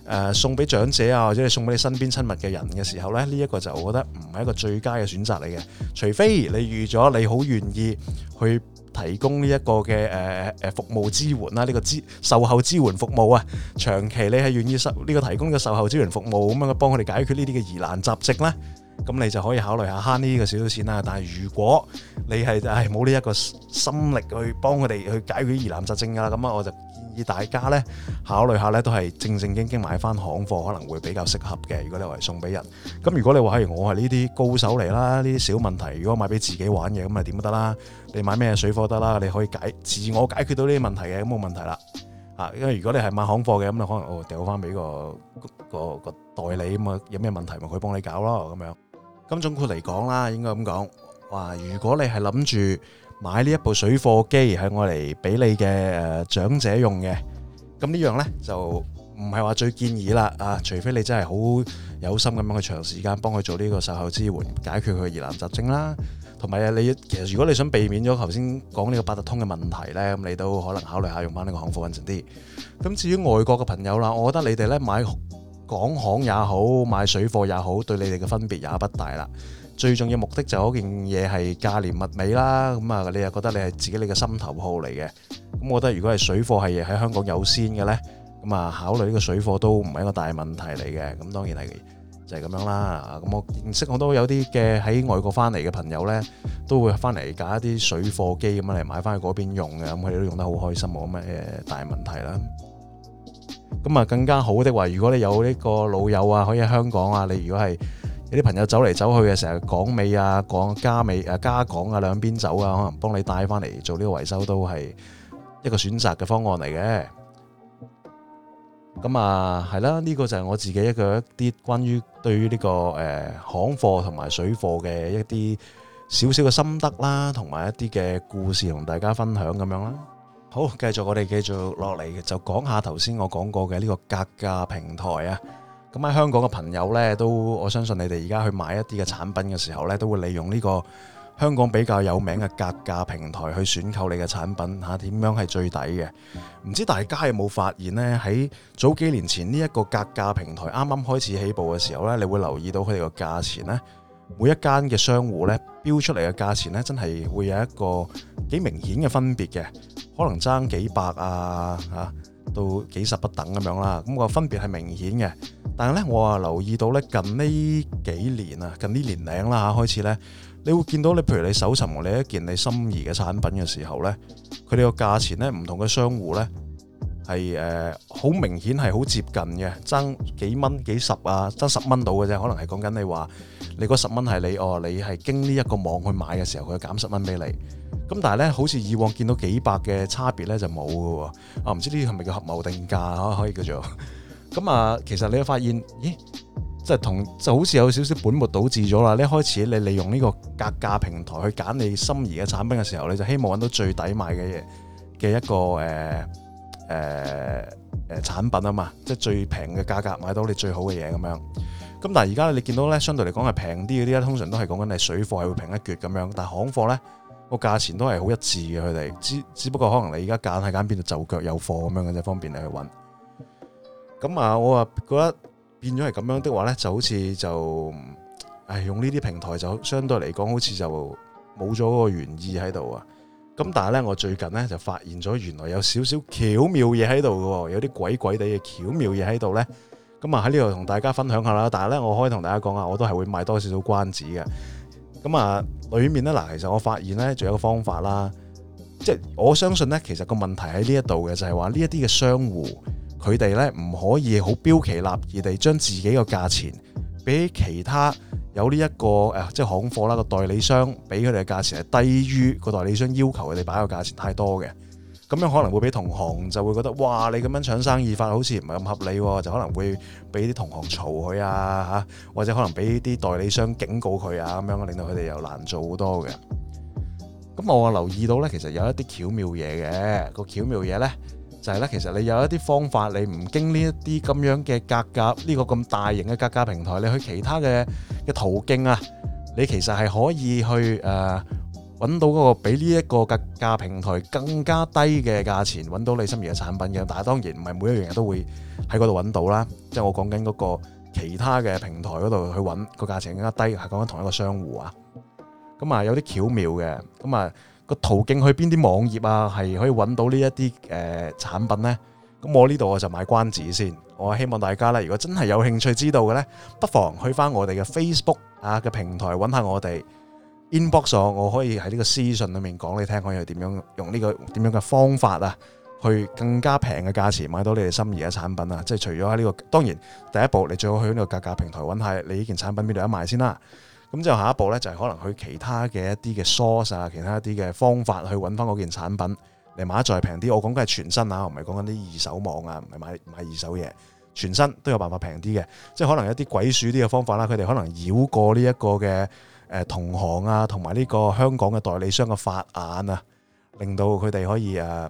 誒送俾長者啊，或者係送俾你身邊親密嘅人嘅時候呢，呢一個就我覺得唔係一個最佳嘅選擇嚟嘅。除非你預咗你好願意去。提供呢一個嘅誒誒服務支援啦，呢個支售後支援服務啊，長期你係願意收呢個提供呢個售後支援服務，咁樣去幫佢哋解決呢啲嘅疑難雜症啦。咁你就可以考慮下慳呢個少少錢啦。但係如果你係係冇呢一個心力去幫佢哋去解決疑難雜症㗎啦，咁啊我就。以大家咧考慮下咧，都係正正經經買翻行貨，可能會比較適合嘅。如果你話送俾人，咁如果你話，係我係呢啲高手嚟啦，呢啲小問題，如果買俾自己玩嘅，咁啊點都得啦。你買咩水貨得啦？你可以解自我解決到呢啲問題嘅，咁冇問題啦。啊，因為如果你係買行貨嘅，咁你可能哦掉翻俾個個個代理咁啊，有咩問題咪佢幫你搞咯咁樣。咁總括嚟講啦，應該咁講哇，如果你係諗住。買呢一部水貨機係我嚟俾你嘅誒、呃、長者用嘅，咁呢樣呢，就唔係話最建議啦啊！除非你真係好有心咁樣去長時間幫佢做呢個售後支援，解決佢嘅疑難雜症啦，同埋啊你其實如果你想避免咗頭先講呢個八達通嘅問題呢，咁你都可能考慮下用翻呢個行貨穩陣啲。咁至於外國嘅朋友啦，我覺得你哋呢，買港行也好，買水貨也好，對你哋嘅分別也不大啦。最重要目的就係嗰件嘢係價廉物美啦。咁啊，你又覺得你係自己你嘅心頭好嚟嘅。咁我覺得如果係水貨係喺香港有先嘅咧，咁啊考慮呢個水貨都唔係一個大問題嚟嘅。咁當然係就係咁樣啦。咁我認識好多有啲嘅喺外國翻嚟嘅朋友咧，都會翻嚟揀一啲水貨機咁樣嚟買翻去嗰邊用嘅。咁佢哋都用得好開心，冇咩大問題啦。咁啊更加好的話，如果你有呢個老友啊，可以喺香港啊，你如果係。啲朋友走嚟走去嘅，成日港美啊，港加美啊、加港啊，兩邊走啊，可能幫你帶翻嚟做呢個維修都係一個選擇嘅方案嚟嘅。咁啊，係啦，呢個就係我自己一個一啲關於對於呢、這個誒、呃、行貨同埋水貨嘅一啲少少嘅心得啦，同埋一啲嘅故事同大家分享咁樣啦。好，繼續我哋繼續落嚟，就講下頭先我講過嘅呢個格價平台啊。咁喺香港嘅朋友呢，都我相信你哋而家去買一啲嘅產品嘅時候呢，都會利用呢個香港比較有名嘅格價平台去選購你嘅產品吓，點樣係最抵嘅？唔知大家有冇發現呢？喺早幾年前呢一個格價平台啱啱開始起步嘅時候呢，你會留意到佢哋個價錢呢，每一間嘅商戶呢標出嚟嘅價錢呢，真係會有一個幾明顯嘅分別嘅，可能爭幾百啊吓，到幾十不等咁樣啦。咁個分別係明顯嘅。但係咧，我話留意到咧，近呢幾年啊，近呢年零啦嚇開始咧，你會見到你譬如你搜尋你一件你心儀嘅產品嘅時候咧，佢哋個價錢咧，唔同嘅商戶咧係誒好明顯係好接近嘅，爭幾蚊幾十啊，爭十蚊到嘅啫。可能係講緊你話你嗰十蚊係你哦，你係經呢一個網去買嘅時候佢會減十蚊俾你。咁但係咧，好似以往見到幾百嘅差別咧就冇嘅喎。啊，唔知呢啲係咪叫合謀定價可可以叫做？咁啊，其實你會發現，咦，即係同就好似有少少本末倒置咗啦。一開始你利用呢個格價平台去揀你心儀嘅產品嘅時候，你就希望揾到最抵買嘅嘢嘅一個誒誒誒產品啊嘛，即係最平嘅價格買到你最好嘅嘢咁樣。咁但係而家你見到咧，相對嚟講係平啲嗰啲咧，通常都係講緊你水貨係會平一橛咁樣，但係行貨咧個價錢都係好一致嘅佢哋。只只不過可能你而家揀係揀邊度就腳有貨咁樣嘅啫，方便你去揾。咁啊，我啊覺得變咗係咁樣的話呢，就好似就，唉，用呢啲平台就相對嚟講，好似就冇咗個原意喺度啊。咁但係呢，我最近呢就發現咗原來有少少巧妙嘢喺度嘅，有啲鬼鬼地嘅巧妙嘢喺度呢。咁啊喺呢度同大家分享下啦。但係呢，我可以同大家講啊，我都係會買多少少關子嘅。咁啊，裏面呢，嗱，其實我發現呢，仲有個方法啦。即係我相信呢，其實個問題喺呢一度嘅，就係話呢一啲嘅商戶。佢哋咧唔可以好標奇立異地將自己嘅價錢俾其他有呢、這、一個誒、啊，即係行貨啦個代理商俾佢哋嘅價錢係低於個代理商要求佢哋擺嘅價錢太多嘅，咁樣可能會俾同行就會覺得哇，你咁樣搶生意法好似唔係咁合理喎，就可能會俾啲同行嘈佢啊嚇，或者可能俾啲代理商警告佢啊咁樣，令到佢哋又難做好多嘅。咁我留意到呢，其實有一啲巧妙嘢嘅、這個巧妙嘢呢。就係咧，其實你有一啲方法，你唔經呢一啲咁樣嘅格價呢個咁大型嘅格價平台，你去其他嘅嘅途徑啊，你其實係可以去誒揾到嗰個比呢一個格價平台更加低嘅價錢，揾到你心儀嘅產品嘅。但係當然唔係每一樣嘢都會喺嗰度揾到啦，即係我講緊嗰個其他嘅平台嗰度去揾個價錢更加低，係講緊同一個商戶啊。咁啊，有啲巧妙嘅，咁啊。個途徑去邊啲網頁啊，係可以揾到呢一啲誒產品呢？咁我呢度我就買關子先。我希望大家咧，如果真係有興趣知道嘅呢，不妨去翻我哋嘅 Facebook 啊嘅平台揾下我哋 inbox，啊，我可以喺呢個私信裏面講你聽，我哋點樣用呢個點樣嘅方法啊，去更加平嘅價錢買到你哋心儀嘅產品啊！即係除咗喺呢個，當然第一步你最好去呢個價格平台揾下你呢件產品邊度有賣先啦。咁之後下一步咧，就係、是、可能去其他嘅一啲嘅 source 啊，其他一啲嘅方法去揾翻嗰件產品嚟買，再平啲。我講緊係全新啊，我唔係講緊啲二手網啊，唔係買買二手嘢。全新都有辦法平啲嘅，即係可能一啲鬼鼠啲嘅方法啦、啊。佢哋可能繞過呢一個嘅同行啊，同埋呢個香港嘅代理商嘅法眼啊，令到佢哋可以、啊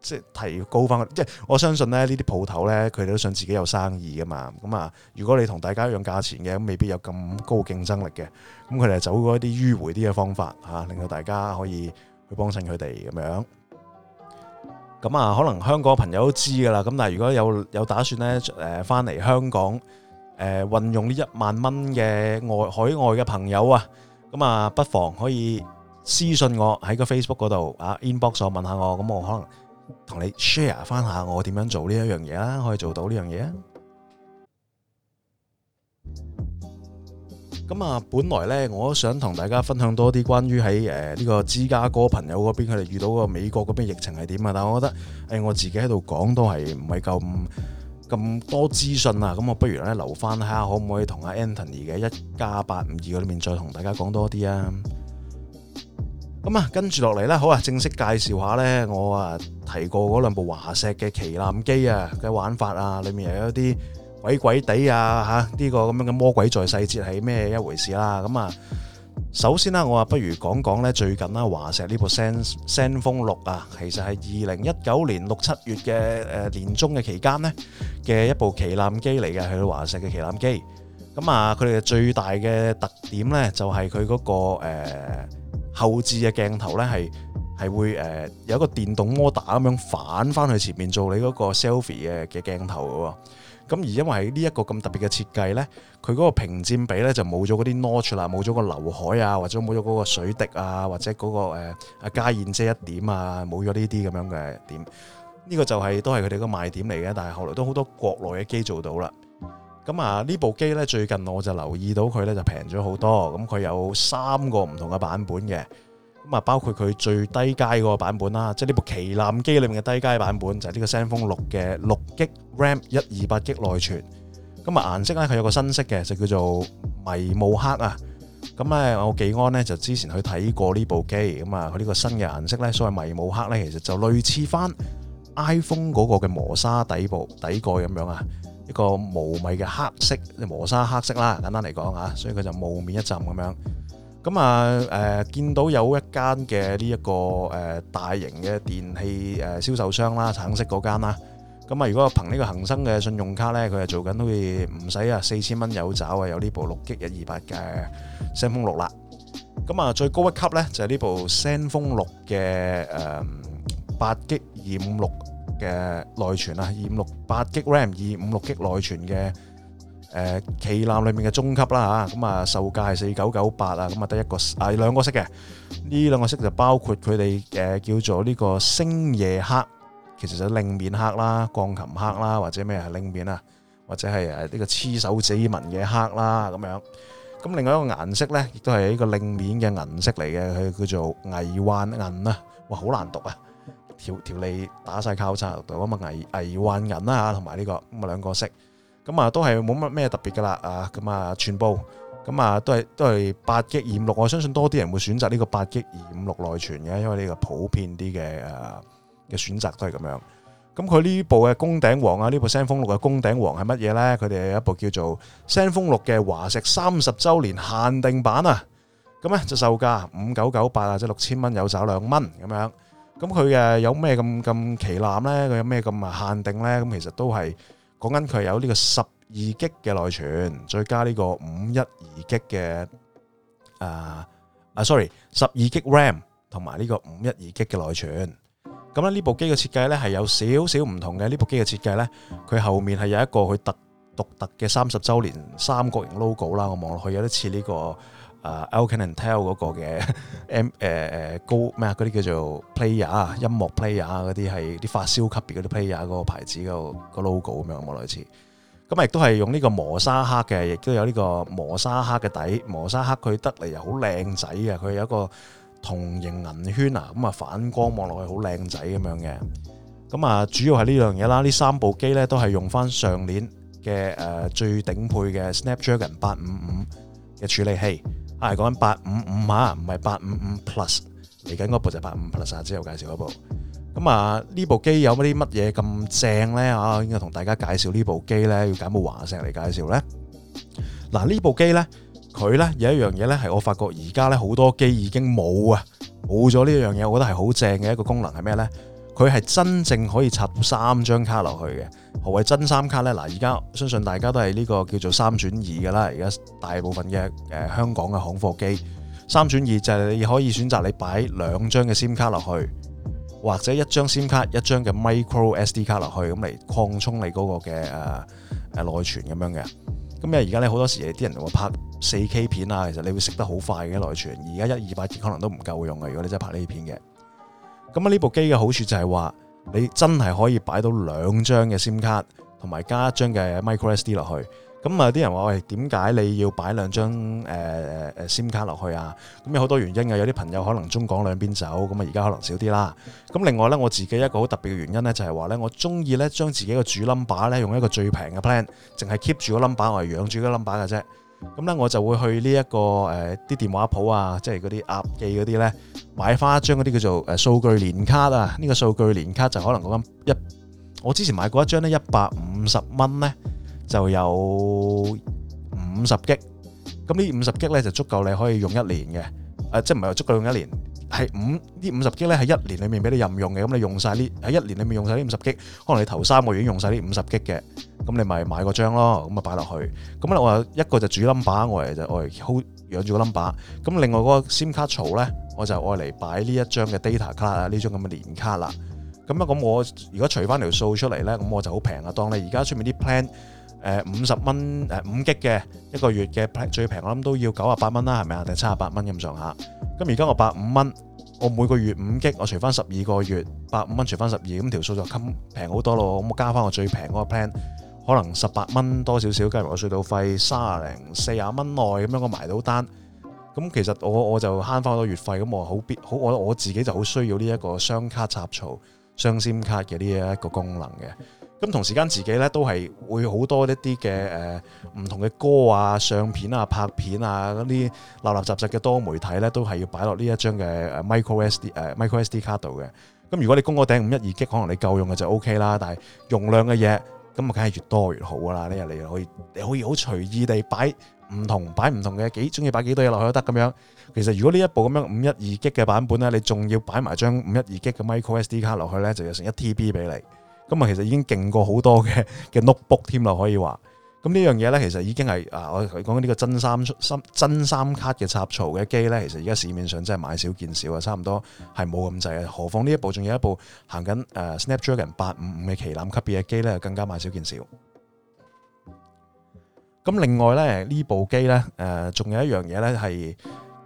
即係提高翻，即係我相信咧，呢啲鋪頭咧，佢哋都想自己有生意噶嘛。咁啊，如果你同大家一樣價錢嘅，未必有咁高競爭力嘅。咁佢哋走過一啲迂迴啲嘅方法嚇，令到大家可以去幫襯佢哋咁樣。咁啊， 可能香港朋友都知噶啦。咁但係如果有有打算咧，返翻嚟香港，誒運用呢一萬蚊嘅外海外嘅朋友啊，咁啊，不妨可以私信我喺個 Facebook 嗰度啊 inbox 問下我，咁我可能。同你 share 翻下我點樣做呢一樣嘢啦，可以做到呢樣嘢啊！咁啊，本來呢，我都想同大家分享多啲關於喺誒呢個芝加哥朋友嗰邊佢哋遇到個美國嗰邊疫情係點啊，但係我覺得誒我自己喺度講都係唔係咁咁多資訊啊，咁我不如咧留翻下可唔可以同阿 Anthony 嘅一家八五二嗰面再同大家講多啲啊！咁啊，跟住落嚟咧，好啊，正式介紹下呢。我啊提過嗰兩部華碩嘅旗艦機啊嘅玩法啊，裏面又有啲鬼鬼地啊，嚇、這、呢個咁樣嘅魔鬼在細節係咩一回事啦？咁、嗯、啊，首先啦，我啊不如講講呢最近啦，華碩呢部 Zen ZenFone 6啊，其實係二零一九年六七月嘅誒年中嘅期間呢嘅一部旗艦機嚟嘅，係華碩嘅旗艦機。咁、嗯、啊，佢哋嘅最大嘅特點呢、那個，就係佢嗰個後置嘅鏡頭咧係係會誒有一個電動摩打 t 咁樣反翻去前面做你嗰個 selfie 嘅嘅鏡頭喎。咁而因為呢一個咁特別嘅設計咧，佢嗰個屏佔比咧就冇咗嗰啲 notch 啦，冇咗個留海啊，或者冇咗嗰個水滴啊，或者嗰個誒啊加熱遮一點啊，冇咗呢啲咁樣嘅點。呢個就係、是、都係佢哋個賣點嚟嘅，但係後來都好多國內嘅機做到啦。咁啊，呢部機呢，最近我就留意到佢呢，就平咗好多，咁佢有三個唔同嘅版本嘅，咁啊包括佢最低階嗰個版本啦，即係呢部旗艦機裏面嘅低階版本，就係、是、呢個 ZenFone 六嘅六 G RAM 一二八 G 內存，咁啊顏色呢，佢有個新色嘅就叫做迷霧黑啊，咁咧我技安呢，就之前去睇過呢部機，咁啊佢呢個新嘅顏色呢，所謂迷霧黑呢，其實就類似翻 iPhone 嗰個嘅磨砂底部底蓋咁樣啊。一個無味嘅黑色，磨砂黑色啦，簡單嚟講啊，所以佢就霧面一陣咁樣。咁啊，誒見到有一間嘅呢一個誒大型嘅電器誒銷售商啦，橙色嗰間啦。咁啊，如果憑呢個恆生嘅信用卡咧，佢係做緊好似唔使啊四千蚊有找啊，有呢部六激一二八嘅 ZenFone 6啦。咁啊，最高一級咧就係呢部 ZenFone 6嘅誒八激二五六。嘅內存啊，二五六八 G RAM，二五六 G 內存嘅誒旗艦裏面嘅中級啦嚇，咁啊售價係四九九八啊，咁啊得一個啊兩個色嘅，呢兩個色就包括佢哋誒叫做呢個星夜黑，其實就係另面黑啦、鋼琴黑啦，或者咩啊另面啊，或者係誒呢個黐手指紋嘅黑啦咁樣。咁另外一個顏色咧，亦都係呢個另面嘅銀色嚟嘅，佢叫做蟻彎銀啊，哇好難讀啊！條條脷打晒交叉，靠度埋啲、啊呢個危危彎銀啦嚇，同埋呢個咁啊兩個色，咁啊都係冇乜咩特別噶啦啊，咁啊全部，咁啊都係都係八 G 二五六，我相信多啲人會選擇呢個八 G 二五六內存嘅，因為呢個普遍啲嘅誒嘅選擇都係咁樣。咁佢呢部嘅工頂王啊，呢部 ZenFone 6嘅工頂王係乜嘢咧？佢哋有一部叫做 ZenFone 6嘅華碩三十週年限定版啊，咁、啊、咧就售價五九九八啊，即六千蚊有找兩蚊咁樣。咁，佢，有咩咁，旗艦，咁，佢有咩咁，限定呢？其實，都係，講緊佢有呢個12 gig 嘅內存，再加呢個512 gig 嘅，呃，sorry, 12 gig RAM, 同埋呢個512 gig 嘅內存。咁，呢部機嘅設計呢，係有少少唔同嘅，呢部機嘅設計呢，佢後面係有一個佢獨特嘅30周年，三角形 logo 啦,我望落去有啲似呢個啊 Astell&Kern 嗰個嘅 M 誒誒高咩啊？嗰啲、嗯呃、叫做 player 啊，音樂 player 嗰啲係啲發燒級別嗰啲 player 嗰個牌子，個 logo 咁樣，模類似。咁亦都係用呢個磨砂黑嘅，亦都有呢個磨砂黑嘅底，磨砂黑佢得嚟又好靚仔嘅，佢有一個同形銀圈啊，咁啊反光望落去好靚仔咁樣嘅。咁啊，主要係呢樣嘢啦，呢三部機咧都係用翻上年嘅誒最頂配嘅 Snapdragon 八五五嘅處理器。係講緊八五五哈，唔係八五五 Plus，嚟緊嗰部就八五 Plus，之後介紹嗰部。咁啊，呢部機有啲乜嘢咁正咧？啊，應該同大家介紹呢部機咧，要揀部華碩嚟介紹咧。嗱，呢部機咧，佢咧有一樣嘢咧，係我發覺而家咧好多機已經冇啊，冇咗呢樣嘢，我覺得係好正嘅一個功能係咩咧？佢係真正可以插三張卡落去嘅。何謂真三卡呢？嗱，而家相信大家都係呢個叫做三轉二嘅啦。而家大部分嘅誒香港嘅行貨機三轉二就係你可以選擇你擺兩張嘅 SIM 卡落去，或者一張 SIM 卡、一張嘅 micro SD 卡落去，咁嚟擴充你嗰個嘅誒誒內存咁樣嘅。咁因為而家咧好多時啲人會拍四 K 片啊，其實你會食得好快嘅內存。而家一二百 G 可能都唔夠用嘅，如果你真係拍呢啲片嘅。咁啊！呢部機嘅好處就係話，你真係可以擺到兩張嘅 SIM 卡，同埋加一張嘅 micro SD 落去。咁啊，啲人話喂，點解你要擺兩張誒誒誒 SIM 卡落去啊？咁有好多原因嘅。有啲朋友可能中港兩邊走，咁啊而家可能少啲啦。咁另外咧，我自己一個好特別嘅原因咧，就係話咧，我中意咧將自己嘅主 number 咧用一個最平嘅 plan，淨係 keep 住個 number，我係養住個 number 嘅啫。咁咧，我就會去呢一個誒啲電話鋪啊，即係嗰啲鴨記嗰啲咧，買翻一張嗰啲叫做誒數據年卡啊。呢個數據年卡就可能講緊一，我之前買過一張咧一百五十蚊咧，就有五十 G。咁呢五十 G 咧就足夠你可以用一年嘅，誒即係唔係話足夠用一年？係五呢五十 G 咧係一年裏面俾你任用嘅。咁你用曬呢，喺一年裏面用曬呢五十 G，可能你頭三個月已經用曬呢五十 G 嘅。咁你咪買嗰張咯，咁咪擺落去。咁啊，我一個就主 number，我嚟就我係好養住個 number。咁另外嗰個 SIM 卡槽咧，我就愛嚟擺呢一張嘅 data card，張卡啊，呢張咁嘅年卡啦。咁啊，咁我如果除翻條數出嚟咧，咁我就好平啊。當你而家出面啲 plan，誒五十蚊誒五激嘅一個月嘅 plan 最平，我諗都要九啊八蚊啦，係咪啊？定七啊八蚊咁上下。咁而家我百五蚊，我每個月五激，我除翻十二個月百五蚊，除翻十二，咁條數就襟平好多咯。咁我加翻我最平嗰個 plan。可能十八蚊多少少，加埋我隧道費，三啊零四啊蚊內咁樣，我埋到單咁。其實我我就慳翻好多月費咁，我好必好，我我自己就好需要呢一個雙卡插槽、雙 SIM 卡嘅呢一個功能嘅。咁同時間自己咧都係會好多一啲嘅誒唔同嘅歌啊、相片啊、拍片啊嗰啲垃垃雜雜嘅多媒體咧，都係要擺落呢一張嘅 micro S D 誒、啊、micro S D 卡度嘅。咁如果你供個頂五一二 G，可能你夠用嘅就 O、OK、K 啦。但係容量嘅嘢。咁啊，梗係越多越好啦！呢日你又可以，你可以好隨意地擺唔同，擺唔同嘅幾鍾意擺幾多嘢落去都得咁樣。其實如果呢一部咁樣五一二 Gig 嘅版本咧，你仲要擺埋張五一二 Gig 嘅 micro SD 卡落去咧，就有成一 TB 俾你。咁啊，其實已經勁過好多嘅嘅 notebook 添啦，可以話。咁呢樣嘢咧，其實已經係啊，我講緊呢個真三三真三卡嘅插槽嘅機咧，其實而家市面上真係買少見少啊，差唔多係冇咁滯。何況呢一部仲有一部行緊 Snapdragon 八五五嘅旗艦級別嘅機咧，更加買少見少。咁另外咧，呢部機咧誒，仲、呃、有一樣嘢咧係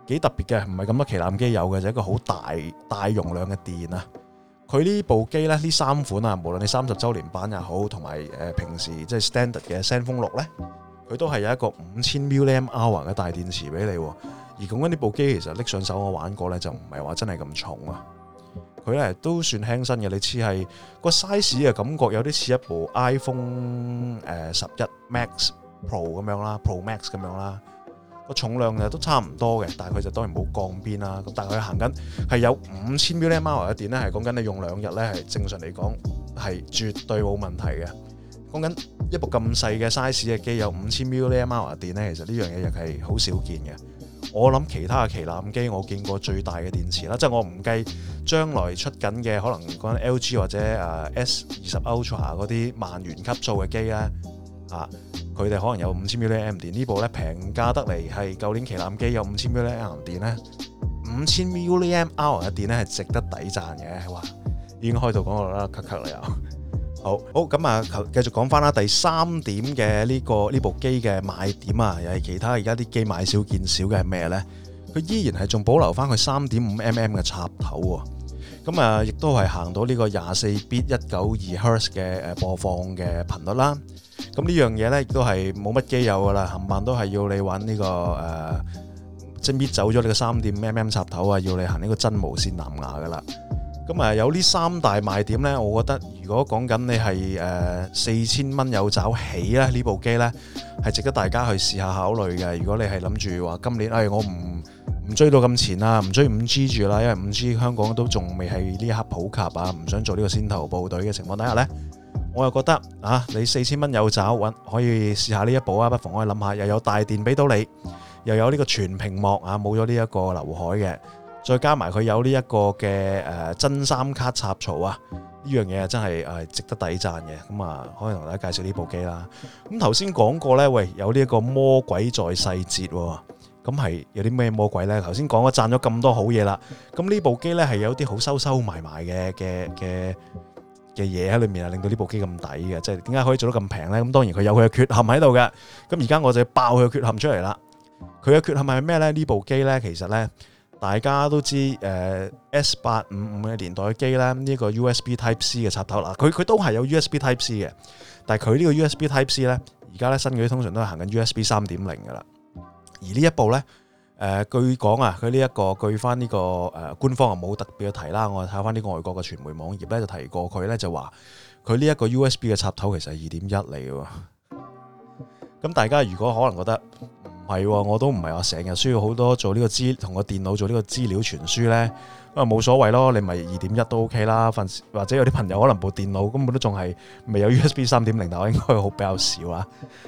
幾特別嘅，唔係咁多旗艦機有嘅，就係一個好大大容量嘅電啊。佢呢部機呢，呢三款啊，無論你三十周年版也好，同埋誒平時即係 standard 嘅 ZenFone 六咧，佢都係有一個五千 mAh 嘅大電池俾你。而講緊呢部機其實拎上手我玩過呢，就唔係話真係咁重啊。佢呢都算輕身嘅，你似係個 size 啊，感覺有啲似一部 iPhone 誒十一 Max Pro 咁樣啦，Pro Max 咁樣啦。個重量都差唔多嘅，但係佢就當然冇降邊啦。咁但係佢行緊係有五千 mili 安毫瓦嘅電咧，係講緊你用兩日咧，係正常嚟講係絕對冇問題嘅。講緊一部咁細嘅 size 嘅機有五千 mili 安毫瓦電咧，其實呢樣嘢亦係好少見嘅。我諗其他嘅旗艦機我見過最大嘅電池啦，即係我唔計將來出緊嘅可能嗰 LG 或者 S 二十 Ultra 嗰啲萬元級數嘅機咧啊佢哋可能有五千 mAh 電呢部咧平價得嚟，係舊年旗艦機有五千 mAh 電咧，五千 mAh 嘅電咧係值得抵讚嘅。哇，已經開到講到啦，咳咳，你又好好咁啊，求繼續講翻啦。第三點嘅呢、呢個呢部機嘅賣點啊，又係其他而家啲機買少見少嘅係咩咧？佢依然係仲保留翻佢三點五 mm 嘅插頭喎。咁啊，亦都係行到呢個廿四 bit 一九二 hertz 嘅誒播放嘅頻率啦。咁呢樣嘢呢，亦都係冇乜機有噶啦，冚唪都係要你揾呢、呢個誒、呃，即係搣走咗你個三點五 mm 插頭啊，要你行呢個真無線藍牙噶啦。咁啊，有呢三大賣點呢？我覺得如果講緊你係四千蚊有找起咧，呢部機呢，係值得大家去試下考慮嘅。如果你係諗住話今年，哎，我唔唔追到咁前啦、啊，唔追五 G 住啦，因為五 G 香港都仲未係呢一刻普及啊，唔想做呢個先頭部隊嘅情況底下呢。我又覺得啊，你四千蚊有找揾，可以試下呢一部啊，不妨可以諗下，又有大電俾到你，又有呢個全屏幕啊，冇咗呢一個劉海嘅，再加埋佢有呢一個嘅誒、呃、真三卡插槽啊，呢樣嘢真係誒、呃、值得抵讚嘅，咁啊可以同大家介紹呢部機啦。咁頭先講過呢，喂，有呢一個魔鬼在細節喎，咁係有啲咩魔鬼呢？頭先講咗讚咗咁多好嘢啦，咁呢部機呢，係有啲好收收埋埋嘅嘅嘅嘅嘢喺裏面啊，令到呢部機咁抵嘅，即係點解可以做到咁平呢？咁當然佢有佢嘅缺陷喺度嘅。咁而家我就爆佢嘅缺陷出嚟啦。佢嘅缺陷係咩呢？呢部機呢，其實呢，大家都知誒 S 八五五嘅年代嘅機呢，呢個 USB Type C 嘅插頭啦，佢佢都係有 USB Type C 嘅，但係佢呢個 USB Type C 呢，而家呢，新嗰啲通常都係行緊 USB 三點零噶啦，而呢一部呢。誒、呃、據講啊，佢呢一個據翻、這、呢個誒、呃、官方啊冇特別嘅提啦，我睇翻呢個外國嘅傳媒網頁咧就提過佢，咧就話佢呢一個 USB 嘅插頭其實係二點一嚟嘅。咁大家如果可能覺得唔係，啊，我都唔係話成日需要好多做呢個資同個電腦做呢個資料傳輸咧。因為冇所謂咯，你咪二點一都 OK 啦。份或者有啲朋友可能部電腦根本都仲係未有 USB 三點零，但係應該好比較少啊。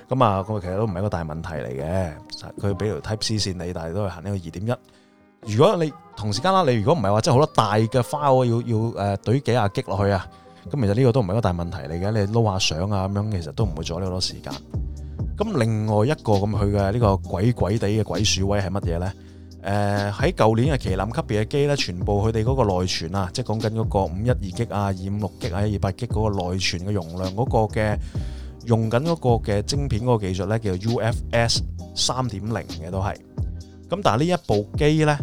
咁啊，咁啊，其實都唔係一個大問題嚟嘅。佢俾條 Type C 線你，但係都係行呢個二點一。如果你同時間啦，你如果唔係話，即係好多大嘅 file 要要誒，攣幾下擊落去啊。咁其實呢個都唔係一個大問題嚟嘅。你撈下相啊咁樣，其實都唔會阻你好多時間。咁另外一個咁佢嘅呢個鬼鬼地嘅鬼鼠位係乜嘢咧？誒喺舊年嘅旗艦級別嘅機咧，全部佢哋嗰個內存啊，即係講緊嗰個五一二 G 啊、二五六 G 啊、一二八 G 嗰個內存嘅容量嗰個嘅用緊嗰個嘅晶片嗰個技術咧，叫做 UFS 三點零嘅都係。咁但係呢一部機咧，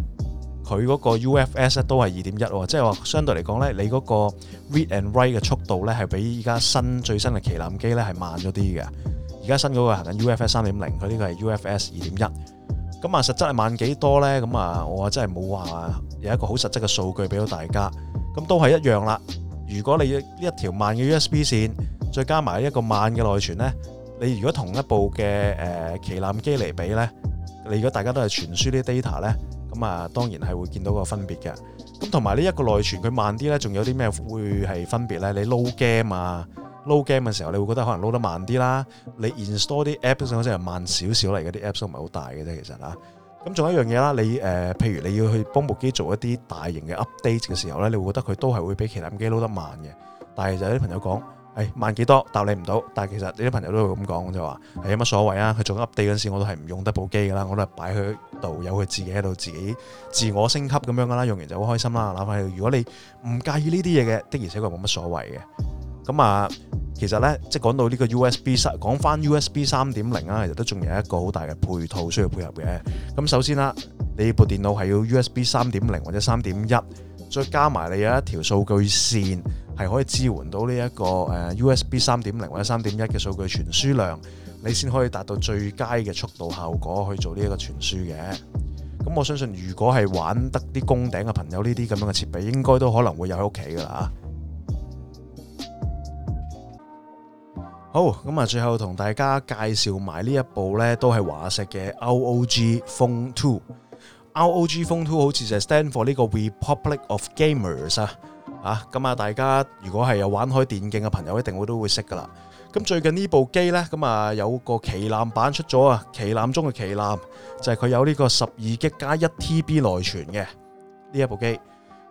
佢嗰個 UFS 咧都係二點一喎，即係話相對嚟講咧，你嗰個 read and write 嘅速度咧係比依家新最新嘅旗艦機咧係慢咗啲嘅。而家新嗰個行緊 UFS 三點零，佢呢個係 UFS 二點一。咁啊，實質係慢幾多呢？咁啊，我真係冇話有一個好實質嘅數據俾到大家。咁都係一樣啦。如果你一一條慢嘅 USB 線，再加埋一個慢嘅內存呢，你如果同一部嘅誒、呃、旗艦機嚟比呢，你如果大家都係傳輸啲 data 呢，咁啊當然係會見到個分別嘅。咁同埋呢一個內存佢慢啲呢，仲有啲咩會係分別呢？你 load game 啊？load game 嘅時候，你會覺得可能 load 得慢啲啦。你 install 啲 app 嗰陣時係慢少少嚟嘅，啲 app 都唔係好大嘅啫，其實啊。咁仲有一樣嘢啦，你誒、呃，譬如你要去幫部機做一啲大型嘅 update 嘅時候咧，你會覺得佢都係會比其他機 load 得慢嘅。但係就有啲朋友講，係、哎、慢幾多答你唔到。但係其實你啲朋友都會咁講就話，有乜、哎、所謂啊？佢做 update 嗰陣時，我都係唔用得部機噶啦，我都係擺去度，由佢自己喺度自己自我升級咁樣噶啦。用完就好開心啦。哪怕如果你唔介意呢啲嘢嘅，的而且確冇乜所謂嘅。咁啊，其實呢，即係講到呢個 USB 三，講翻 USB 三點零啊,其實都仲有一個好大嘅配套需要配合嘅。咁首先啦，你部電腦係要 USB 三點零或者三點一，再加埋你有一條數據線，係可以支援到呢一個誒 USB 三點零或者三點一嘅數據傳輸量，你先可以達到最佳嘅速度效果去做呢一個傳輸嘅。咁我相信，如果係玩得啲工頂嘅朋友，呢啲咁樣嘅設備，應該都可能會有喺屋企噶啦。好，咁啊，最後同大家介紹埋呢一部咧，都係華碩嘅 ROG Phone Two，ROG Phone Two 好似就係 Stand For 呢個 Republic of Gamers 啊，咁啊，大家如果係有玩開電競嘅朋友，一定會都會識噶啦。咁最近呢部機呢，咁啊，有個旗艦版出咗啊，旗艦中嘅旗艦，就係、是、佢有呢個十二吉加一 TB 內存嘅呢一部機。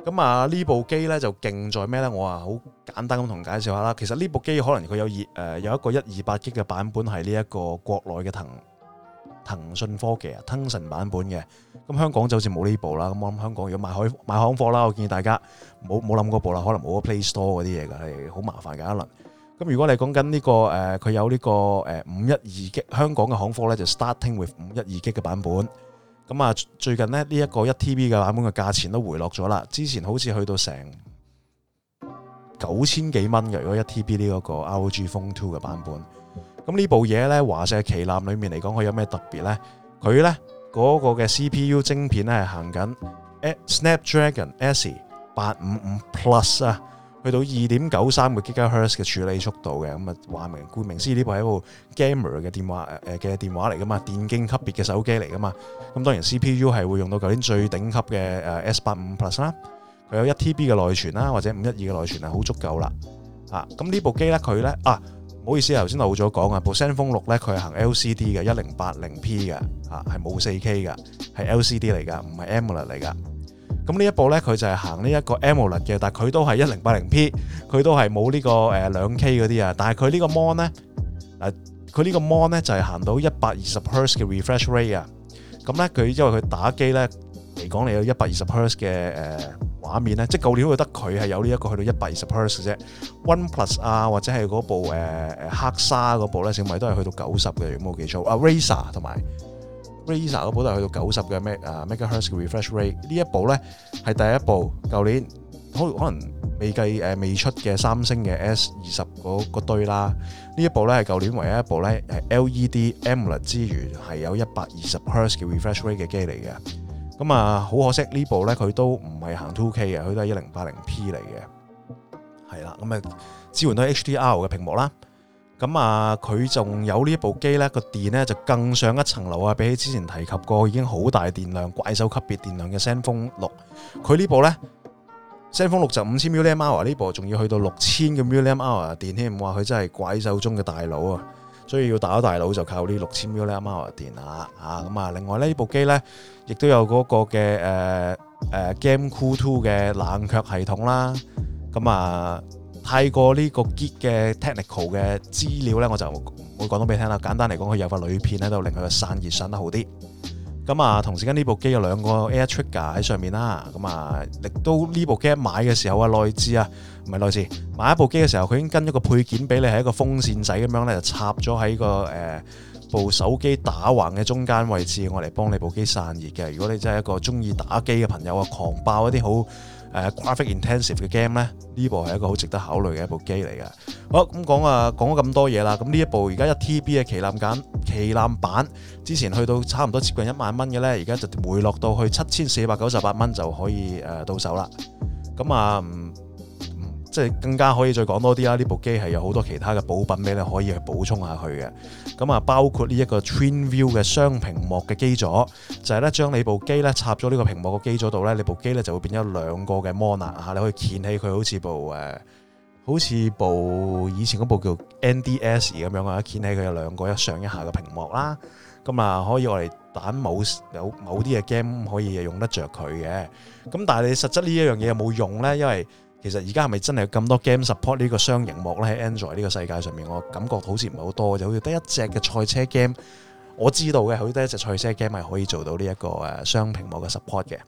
咁啊，呢部機咧就勁在咩咧？我啊，好簡單咁同介紹下啦。其實呢部機可能佢有二誒、呃、有一個一二八 G 嘅版本，係呢一個國內嘅騰騰訊科技啊，騰訊版本嘅。咁香港就好似冇呢部啦。咁我諗香港如果買海買行貨啦，我建議大家冇冇諗嗰部啦，可能冇 Play Store 嗰啲嘢㗎，係好麻煩㗎一輪。咁如果你講緊呢個誒，佢、呃、有呢、呢個誒五一二 G 香港嘅行貨咧，就 Starting with 五一二 G 嘅版本。最近咧呢一個一 TB 嘅版本嘅價錢都回落咗。之前好似去到成九千幾蚊，如果一 TB 呢嗰個 ROG Phone Two 嘅版本。咁呢部嘢咧，華碩旗艦裡面嚟講，佢有咩特別呢？佢呢嗰、那個嘅 CPU 晶片是係行緊 Snapdragon S 八五五 Plus 去到二點九三個吉吉赫茲嘅處理速度嘅，咁啊，話明顧名思義呢部係一部 gamer 嘅電話，誒嘅電話嚟噶嘛，電競級別嘅手機嚟噶嘛。咁當然 CPU 係會用到舊年最頂級嘅誒 S 八五 Plus 啦，佢有一 TB 嘅內存啦，或者五一二嘅內存係好足夠啦。啊，咁呢部機咧佢咧啊，唔好意思啊，頭先漏咗講啊部 ZenFone 六咧佢係行 LCD 嘅一零八零 P 嘅，啊係冇四 K 嘅，係 LCD 嚟㗎，唔係 AMOLED 嚟㗎。咁呢一部咧，佢就係行呢一個 AMOLED 嘅，但係佢都係一零八零 P，佢都係冇呢個誒兩 K 嗰啲啊。但係佢呢個 mon 咧，誒佢呢個 mon 咧就係、是、行到一百二十 Hertz 嘅 refresh rate 啊。咁咧佢因為佢打機咧嚟講，你有一百二十 Hertz 嘅誒畫面咧，即係舊年只得佢係有呢一個去到一百二十 Hertz 嘅啫。OnePlus 啊，或者係嗰部誒、呃、黑沙嗰部咧，小米都係去到九十嘅，冇記錯。Acer 同埋。a 雷蛇嗰部都係去到九十嘅咩啊 megahertz 嘅 refresh rate 呢一部咧係第一部，舊年可可能未計誒未出嘅三星嘅 S 二十嗰堆啦，呢一部咧係舊年唯一一部咧係 LED AMOLED 之餘係有一百二十 hertz 嘅 refresh rate 嘅機嚟嘅，咁啊好可惜這部呢部咧佢都唔係行 two k 嘅，佢都係一零八零 P 嚟嘅，係啦，咁啊支援到 HDR 嘅屏幕啦。咁、嗯、啊，佢仲有呢部機呢個電呢，電就更上一層樓啊！比起之前提及過已經好大電量、怪獸級別電量嘅 ZenFone 六，佢呢部呢 ZenFone 六就五千 milliamp hour，呢部仲要去到六千嘅 milliamp hour 電添，話佢真係怪獸中嘅大佬啊！所以要打大佬就靠呢六千 milliamp hour 電啊！啊，咁啊，另外呢部機呢，亦都有嗰個嘅誒誒、啊啊、GameCool Two 嘅冷卻系統啦，咁啊。啊睇過呢個 Geek 嘅 technical 嘅資料呢，我就唔會講到俾你聽啦。簡單嚟講，佢有塊鋁片喺度，令佢嘅散熱散得好啲。咁啊，同時間跟呢部機有兩個 air trigger 喺上面啦。咁啊，亦都呢部機一買嘅時候啊，內置啊，唔係內置，買一部機嘅時候，佢已經跟一個配件俾你，係一個風扇仔咁樣呢，就插咗喺個誒部、呃、手機打橫嘅中間位置，我嚟幫你部機散熱嘅。如果你真係一個中意打機嘅朋友啊，狂爆一啲好～誒 Graphic Intensive 嘅 game 咧，呢部係一個好值得考慮嘅一部機嚟嘅。好，咁講啊，講咗咁多嘢啦，咁呢一部而家一 TB 嘅旗艦版旗艦版，之前去到差唔多接近一萬蚊嘅咧，而家就回落到去七千四百九十八蚊就可以誒到手啦。咁啊，嗯。即係更加可以再講多啲啦。呢部機係有好多其他嘅補品畀你可以去補充下佢嘅。咁啊，包括呢一個 Twin View 嘅雙屏幕嘅基座，就係咧將你部機咧插咗呢個屏幕嘅基座度咧，你部機咧就會變咗兩個嘅 mon 啊嚇，你可以掀起佢好似部誒，好似部以前嗰部叫 NDS 咁樣啊，掀起佢有兩個一上一下嘅屏幕啦。咁啊，可以用嚟打某有某啲嘅 game 可以用得着佢嘅。咁但係你實質呢一樣嘢有冇用咧？因為其實而家係咪真係有咁多 game support 這個雙螢呢個雙屏幕咧？喺 Android 呢個世界上面，我感覺好似唔係好多，就好似得一隻嘅賽車 game，我知道嘅，好似得一隻賽車 game 係可以做到呢一個誒雙屏幕嘅 support 嘅。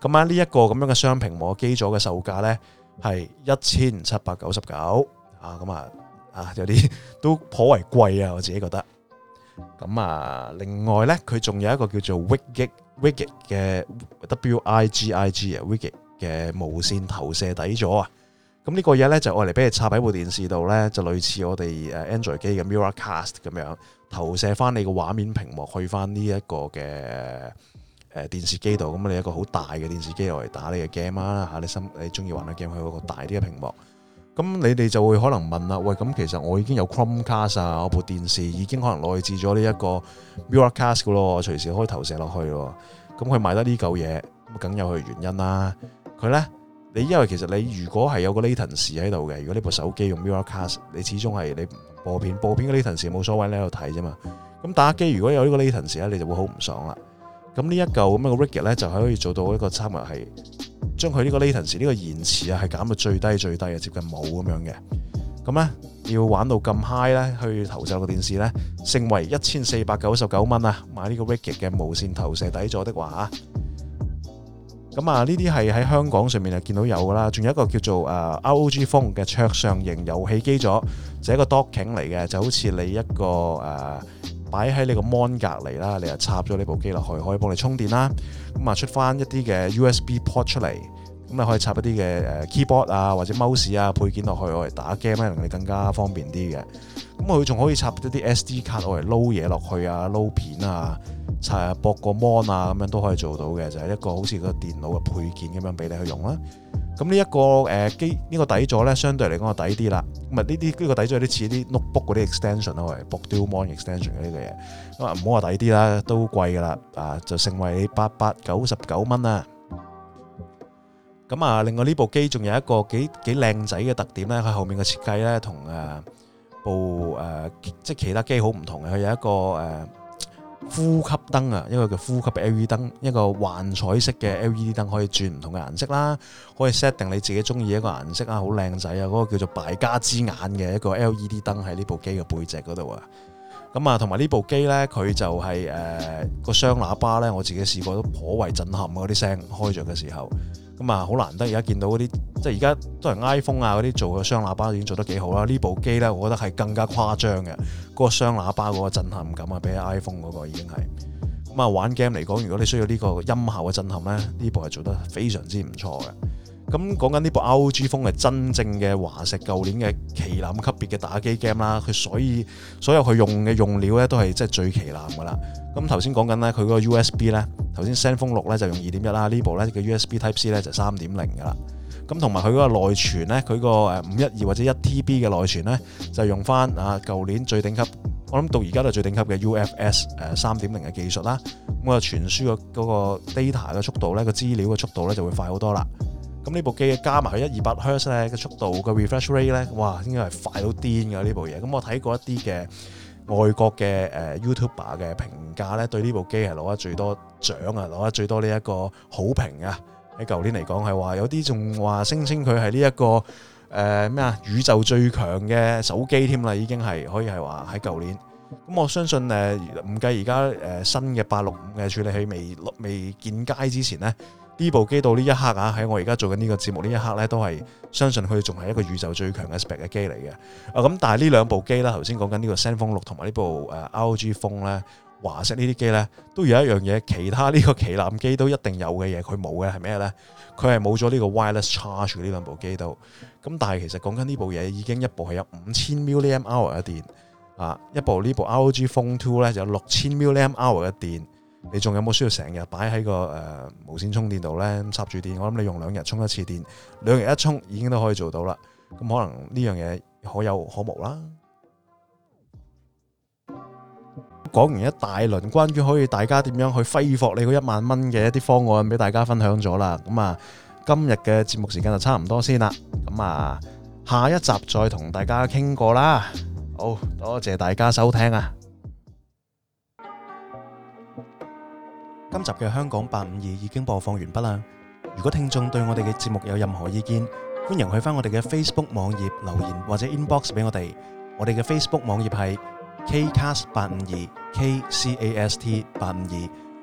咁啊，呢一個咁樣嘅雙屏幕機組嘅售價咧係一千七百九十九啊，咁啊啊有啲都頗為貴啊，我自己覺得。咁啊，另外咧，佢仲有一個叫做 Wigig Wigig 嘅 W I G I G 啊，Wigig。嘅無線投射底座啊！咁呢個嘢咧就愛嚟俾你插喺部電視度咧，就類似我哋誒 Android 機嘅 Miracast 咁樣投射翻你個畫面屏幕去翻呢一個嘅誒電視機度。咁你一個好大嘅電視機嚟打你嘅 game 啦嚇，你心你中意玩嘅 game 喺嗰個大啲嘅屏幕。咁你哋就會可能問啦，喂，咁其實我已經有 Chromecast 啊，我部電視已經可能內置咗呢一個 Miracast 噶咯，隨時開投射落去咯。咁佢買得呢嚿嘢，梗有佢原因啦。佢咧，你因為其實你如果係有個 latency 喺度嘅，如果你部手機用 MirrorCast，你始終係你播片，播片嘅 latency 冇所謂，你喺度睇啫嘛。咁打機如果有呢個 latency 咧，你就會好唔爽啦。咁、這個那個、呢一嚿咁樣嘅 Rigate 咧，就係可以做到一個差唔多係將佢呢個 latency 呢個延遲啊，係減到最低最低嘅，接近冇咁樣嘅。咁咧要玩到咁 high 咧，去投射個電視咧，盛惠一千四百九十九蚊啊，買呢個 Rigate 嘅無線投射底座的話啊。咁啊，呢啲係喺香港上面就見到有噶啦，仲有一個叫做誒 ROG Phone 嘅桌上型遊戲機座，就係一個 Docking 嚟嘅，就好似你一個誒擺喺你個 Mon 隔離啦，你又插咗呢部機落去，可以幫你充電啦。咁啊，出翻一啲嘅 USB port 出嚟，咁啊可以插一啲嘅誒 keyboard 啊或者 mouse 啊配件落去，我嚟打 game 咧，令你更加方便啲嘅。咁佢仲可以插一啲 SD 卡，落嚟撈嘢落去啊，撈片啊。查下博個 mon 啊，咁樣都可以做到嘅，就係一個好似個電腦嘅配件咁樣俾你去用啦。咁呢一個誒機呢個底座咧，相對嚟講係抵啲啦。咁啊，呢啲呢個底座有啲似啲 notebook 嗰啲 extension 啊，係博啲 mon extension 嘅呢個嘢。咁啊，唔好話抵啲啦，都貴噶啦啊，就盛惠八百九十九蚊啊。咁啊，另外呢部機仲有一個幾幾靚仔嘅特點咧，佢後面嘅設計咧同誒部誒即係其他機好唔同嘅，佢有一個誒。呼吸燈啊，一個叫呼吸 LED 燈，一個幻彩色嘅 LED 燈可以轉唔同嘅顏色啦，可以 set 定你自己中意一個顏色啊。好靚仔啊！嗰個叫做敗家之眼嘅一個 LED 燈喺呢部機嘅背脊嗰度啊，咁啊，同埋呢部機呢，佢就係誒個雙喇叭呢，我自己試過都頗為震撼啊，嗰啲聲開着嘅時候。咁啊，好難得而家見到嗰啲即係而家都係 iPhone 啊嗰啲做個雙喇叭已經做得幾好啦。呢部機呢，我覺得係更加誇張嘅嗰個雙喇叭嗰個震撼感啊，比起 iPhone 嗰個已經係咁啊。玩 game 嚟講，如果你需要呢個音效嘅震撼呢，呢部係做得非常之唔錯嘅。咁講緊呢部 R.O.G. 風係真正嘅華碩舊年嘅旗艦級別嘅打機 game 啦。佢所以所有佢用嘅用料咧都係即係最旗艦噶啦。咁頭先講緊咧，佢個 U.S.B 咧，頭先 z e n o n e 六咧就用二點一啦，呢部咧個 U.S.B Type C 咧就三點零噶啦。咁同埋佢個內存咧，佢個誒五一二或者一 T.B. 嘅內存咧就用翻啊舊年最頂級，我諗到而家都係最頂級嘅 U.F.S. 誒三點零嘅技術啦。咁我傳輸個嗰個 data 嘅速度咧，個資料嘅速度咧就會快好多啦。咁呢部機加埋佢一二八 Hz 咧嘅速度嘅 refresh rate 咧，哇，應該係快到癲㗎呢部嘢。咁我睇過一啲嘅外國嘅誒 YouTuber 嘅評價呢，對呢部機係攞得最多獎啊，攞得最多呢一個好評啊。喺舊年嚟講係話，有啲仲話聲稱佢係呢一個誒咩啊宇宙最強嘅手機添啦，已經係可以係話喺舊年。咁我相信誒，唔計而家誒新嘅八六五嘅處理器未未見街之前呢。呢部機到呢一刻啊，喺我而家做緊呢個節目呢一刻咧，都係相信佢仲係一個宇宙最強嘅 spec 嘅機嚟嘅。啊咁，但係呢兩部機啦，頭先講緊呢個 Samsung 六同埋呢部誒 LG Phone 咧，華式呢啲機咧，都有一樣嘢，其他呢個旗艦機都一定有嘅嘢，佢冇嘅係咩咧？佢係冇咗呢個 wireless charge 呢兩部機度。咁但係其實講緊呢部嘢已經一部係有五千 milliamp hour 嘅電啊，一部，部呢部 LG Phone Two 咧就有六千 milliamp hour 嘅電。你仲有冇需要成日擺喺個誒無線充電度呢？插住電，我諗你用兩日充一次電，兩日一充已經都可以做到啦。咁可能呢樣嘢可有可無啦。講完一大輪關於可以大家點樣去揮霍你嗰一萬蚊嘅一啲方案俾大家分享咗啦。咁啊，今日嘅節目時間就差唔多先啦。咁啊，下一集再同大家傾過啦。好多謝大家收聽啊！今集嘅香講八五二已經播放完畢啦。如果聽眾對我哋嘅節目有任何意見，歡迎去翻我哋嘅 Facebook 網頁留言或者 inbox 俾我哋。我哋嘅 Facebook 網頁係 KCast 八五二，KCast 八五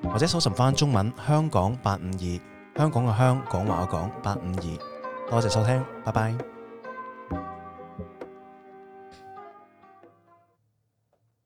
二，或者搜尋翻中文香講八五二，香港嘅香，講話嘅講八五二。多謝收聽，拜拜。